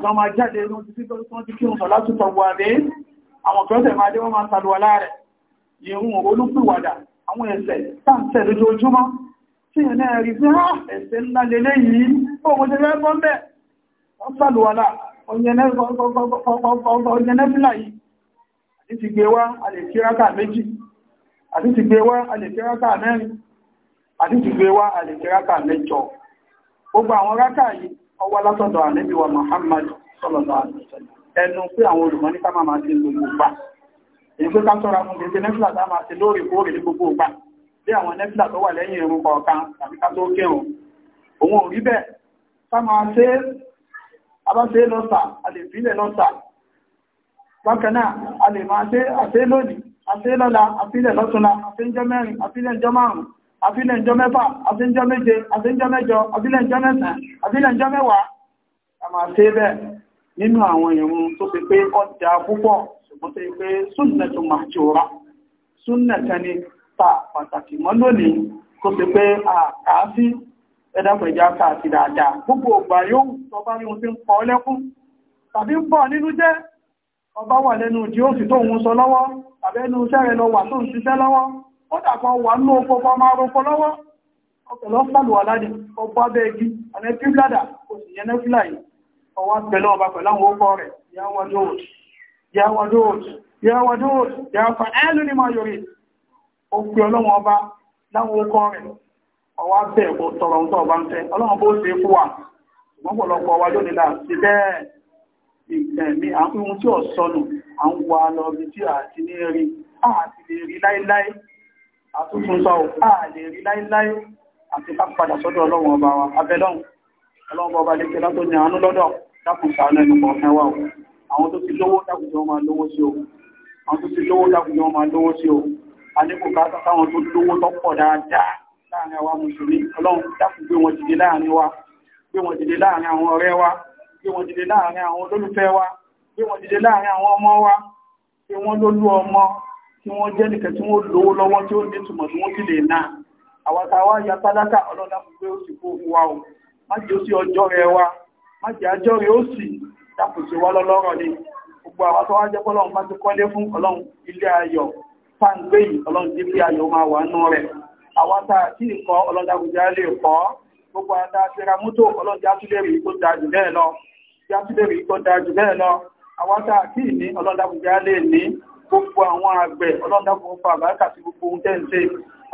A: kan máa dé àwọn tí ẹ̀nà rí fún ah, ẹ̀sẹ̀ ńlá yi yìí fóòmù ti rẹ́ fọ́n bẹ́ẹ̀ wọ́n sàlùwàlà ọ̀yẹnẹ́fìlà yìí àti ti gbé wá a lè kíráka méjì àti ti gbé wá a lè mẹ́rin àti ti gbé wá mẹ́jọ gbogbo àwọn yìí ọwọ́ látọ̀dọ̀ wa Muhammad ẹnu sí àwọn nẹ́fìlà tó wà lẹ́yìn irun kọ̀ọ̀kan tàbí ká tó kírun òun ò rí bẹ́ẹ̀ ká máa ṣe abáṣe lọ́sà a lè fílẹ̀ lọ́sà bákan náà a lè máa ṣe àṣẹ lónìí àṣẹ lọ́la àfílẹ̀ lọ́túnla àfíjọ́ mẹ́rin àfílẹ̀ ìjọ márùn-ún àfílẹ̀ ìjọ mẹ́fà àfíjọ́ méje àfíjọ́ mẹ́jọ àfílẹ̀ ìjọ mẹ́sàn-án àfílẹ̀ ìjọ a máa ṣe bẹ́ẹ̀ nínú àwọn ìrun tó ṣe pé ọjà púpọ̀ ṣùgbọ́n tó ṣe pé súnnà tó máa jòrá súnnà pa pàtàkì mọ́ lónìí tó ṣe pé àkáàfí ẹ̀dàpẹ̀já káàkì dáadáa gbogbo ògbà yóò tó bá ní ohun tí ń pọ̀ lẹ́kún tàbí ń pọ̀ nínú jẹ́ ọba wà lẹ́nu jí ó sì tó ń sọ lọ́wọ́ tàbẹ́nu iṣẹ́ rẹ̀ lọ wà tó ń ṣiṣẹ́ lọ́wọ́ ó dàpọ̀ wà ní oko ọmọ máa roko lọ́wọ́ ọ̀pẹ̀lọ́ sàlùwà láti ọba abẹ́ igi àmẹ́ píbládà kò sì yẹn nẹ́fìlà yìí ọwá pẹ̀lú ọba pẹ̀lú àwọn ókọ ó pé ọlọ́wọ́n ọba láwọn okọ́ rẹ̀ ọwá bẹ̀ ẹ̀kọ́ tọrọ ń tọ́ ọba ń fẹ́ ọlọ́wọ́n bó ṣe fún wa ṣùgbọ́n pọ̀lọpọ̀ wa lónìí là sí bẹ́ẹ̀ ìgbẹ̀mí àwọn ohun tí ò sọnù à ń wa lọ bí tí a ti ní rí a ti lè rí láíláí àtúntún sọ ò a lè rí láíláí àti ká padà sọ́dọ̀ ọlọ́wọ́n ọba wa abẹ́lọ́hùn ọlọ́wọ́n ọba lè kí látó ní àánú lọ́dọ̀ dákùn sàánú ẹnu adébùkátà táwọn tó lówó tọ́pọ̀ dáadáa láàrin àwa mùsùlùmí ọlọ́run dákùn gbé wọn dìde láàrin wa gbé wọn dìde láàrin àwọn ọ̀rẹ́ wa gbé wọn dìde láàrin àwọn olólùfẹ́ wa gbé wọn dìde láàrin àwọn ọmọ wa tí wọ́n lólú ọmọ tí wọ́n jẹ́ nìkan tí wọ́n lówó lọ́wọ́ tí ó ní túmọ̀ tí wọ́n sì lè náà àwàta wa ya tálákà ọlọ́run dákùn gbé òsì fún wa o má jẹ́ ó sí ọjọ́ rẹ wa má jẹ́ ajọ́ rẹ ó sì dákùn sí wa lọ́lọ́rọ̀ ni gbogbo àwọn tó wá jẹ́ pọ́lọ́run bá ti kọ́lé fún ọlọ́run ilé ayọ̀ táǹgbé yìí ọlọ́dún bí ayọ̀ máa wà nú rẹ̀ àwátá tí nǹkan ọlọ́dàgùnjá lè kọ́ gbogbo àtà tẹ́ra mútò ọlọ́dún átúlẹ̀rí tó dájú bẹ́ẹ̀ lọ àwátá tí ní ọlọ́dàgùnjá lè ní gbogbo àwọn àgbẹ̀ ọlọ́dàgùn fa àbáríkà sí gbogbo ohun tẹ́ ń ṣe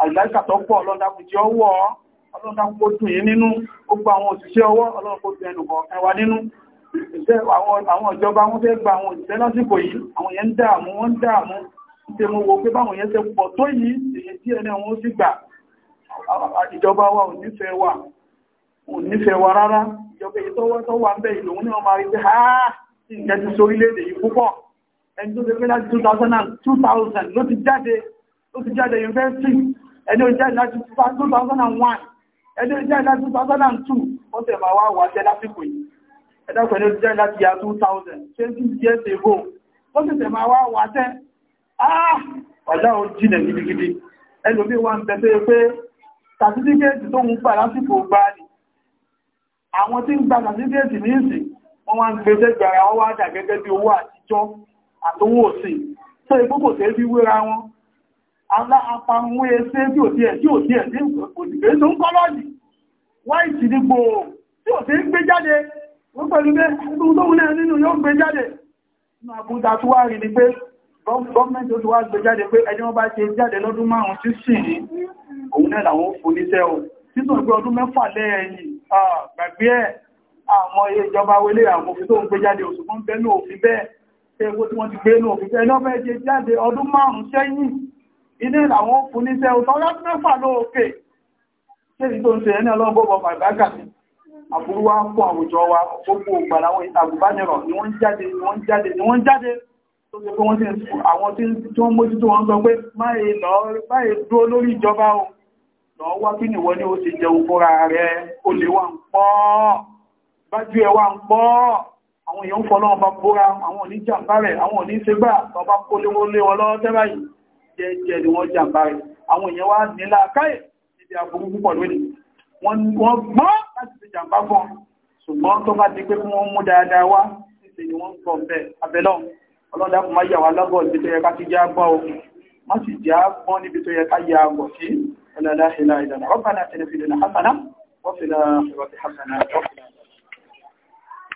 A: àgbáríkà tó pọ̀ ọlọ́dàgùnjẹ́ ọwọ́ ọlọ́dàgùn dùn yín nínú gbogbo àwọn òṣìṣẹ́ ọwọ́ ọlọ́dàgùn ẹnu kọ̀ọ̀kan wa nínú àwọn ìjọba wọn fẹ́ gba àwọn òṣìṣẹ́ lásìkò yìí àwọn yẹn ń dààmú wọn ń dààmú ṣe mú wo pé báwọn yẹn ṣe pọ̀ tó yìí èyí tí ẹni wọn sì gbà ìjọba wa ò nífẹ̀ẹ́ wa ò nífẹ̀ẹ́ wa rárá ìjọba èyí tọ́wọ́ tó wà ń bẹ ìlòun ní ọmọ àrígbé ha ìjẹ́ ti sorílẹ̀-èdè yìí púpọ̀ ẹni tó ṣe pé láti 2000 ló ti jáde ló ti jáde yunifásitì ẹni ó jáde láti 2001 ẹni ó jáde láti 2002 wọ́n tẹ̀ máa wá wà jẹ́ lásìkò yìí ẹ̀dá pẹ̀lú ó jáde láti yà 2000 20 years ago wọ́n tẹ̀ máa wá wà tẹ́ Ah, ọ̀dá ò jìnà gidigidi ẹlòmí wa ń bẹ̀tẹ̀ pé sàtífíkẹ́ẹ̀tì tó ń gbà lásìkò gbá ní àwọn tí ń gba sàtífíkẹ́ẹ̀tì ní ìsìn wọ́n wá ń gbẹ́sẹ̀ gbàrà wọ́n wá dà gẹ́gẹ́ bí owó àtijọ́ àtọwọ́ òsì tó ikú kò tẹ́ bí wéra wọn alá apamú ẹsẹ́ bí ò tiẹ̀ tí ò tiẹ̀ tí òdìgbé tó ń kọ́ lọ́ọ̀dì wáìtì ní gbòòrò tí ò tẹ́ ń gbé jáde wọ́n pẹ̀lú bẹ́ẹ̀ tó ń tó ń lẹ́ nínú yóò gbé jáde nínú àbúdá tó wá rí ni pé gọ́ọ̀mẹ́ntì ó ti wá gbé jáde pé ẹni wọ́n bá ṣe jáde lọ́dún márùn-ún sí sí ní òun náà làwọn fòníṣẹ́ o títún ìgbé ọdún mẹ́fà lẹ́yìn gbàgbé ẹ̀ àwọn ìjọba wọlé àwọn òfin tó ń gbé jáde òṣùgbọ́n bẹ́ẹ̀ ní òfin bẹ́ẹ̀ ẹgbó tí wọ́n ti gbé ní òfin bẹ́ẹ̀ lọ́fẹ́ ṣe jáde ọdún márùn-ún sẹ́yìn ilé làwọn fòníṣẹ́ o tọ́lá mẹ́fà lóòkè ṣéyí tó ń ṣe ẹni ọlọ́gbọ́ bọ̀ bàbá àbúrú wa ń kó àwùjọ wa gbogbo ògbà làwọn ìtàgùbánirọ̀ ni wọ́n jáde ni wọ́n jáde ni wọ́n jáde tó gbogbo wọn tí àwọn tí wọ́n mójútó wọn sọ pé máyé dúró lórí ìjọba o lọ wá kí nìwọ ní ó sì jẹun fúnra rẹ̀ o lè wà ń pọ́ bájú ẹwà ń pọ́ àwọn èèyàn fọ́lọ́ bá bóra àwọn òní jàmbá rẹ̀ àwọn òní ṣe gbà tọ́ bá kó léwó lé wọn lọ́wọ́ tẹ́bà yìí jẹ́jẹ́ ni wọ́n jàmbá rẹ̀ àwọn èèyàn wá nílá káyè níbi àbúrú púpọ̀ lónìí wọ́n gbọ́ láti fi jàmbá fún ṣùgbọ́n tó bá di pé kí wọ́n mú dáadáa wá níṣẹ́ ni ọlọ́dà kò má yà wá lọ́gọ̀ níbi tó yẹ ká ti já gbọ́ o má sì já gbọ́n níbi tó yẹ ká yà gbọ́ sí ọlọ́dà ìlà ìlànà rọ́bànà tẹ̀lé fìdí nà wọ́n fi lọ́ọ́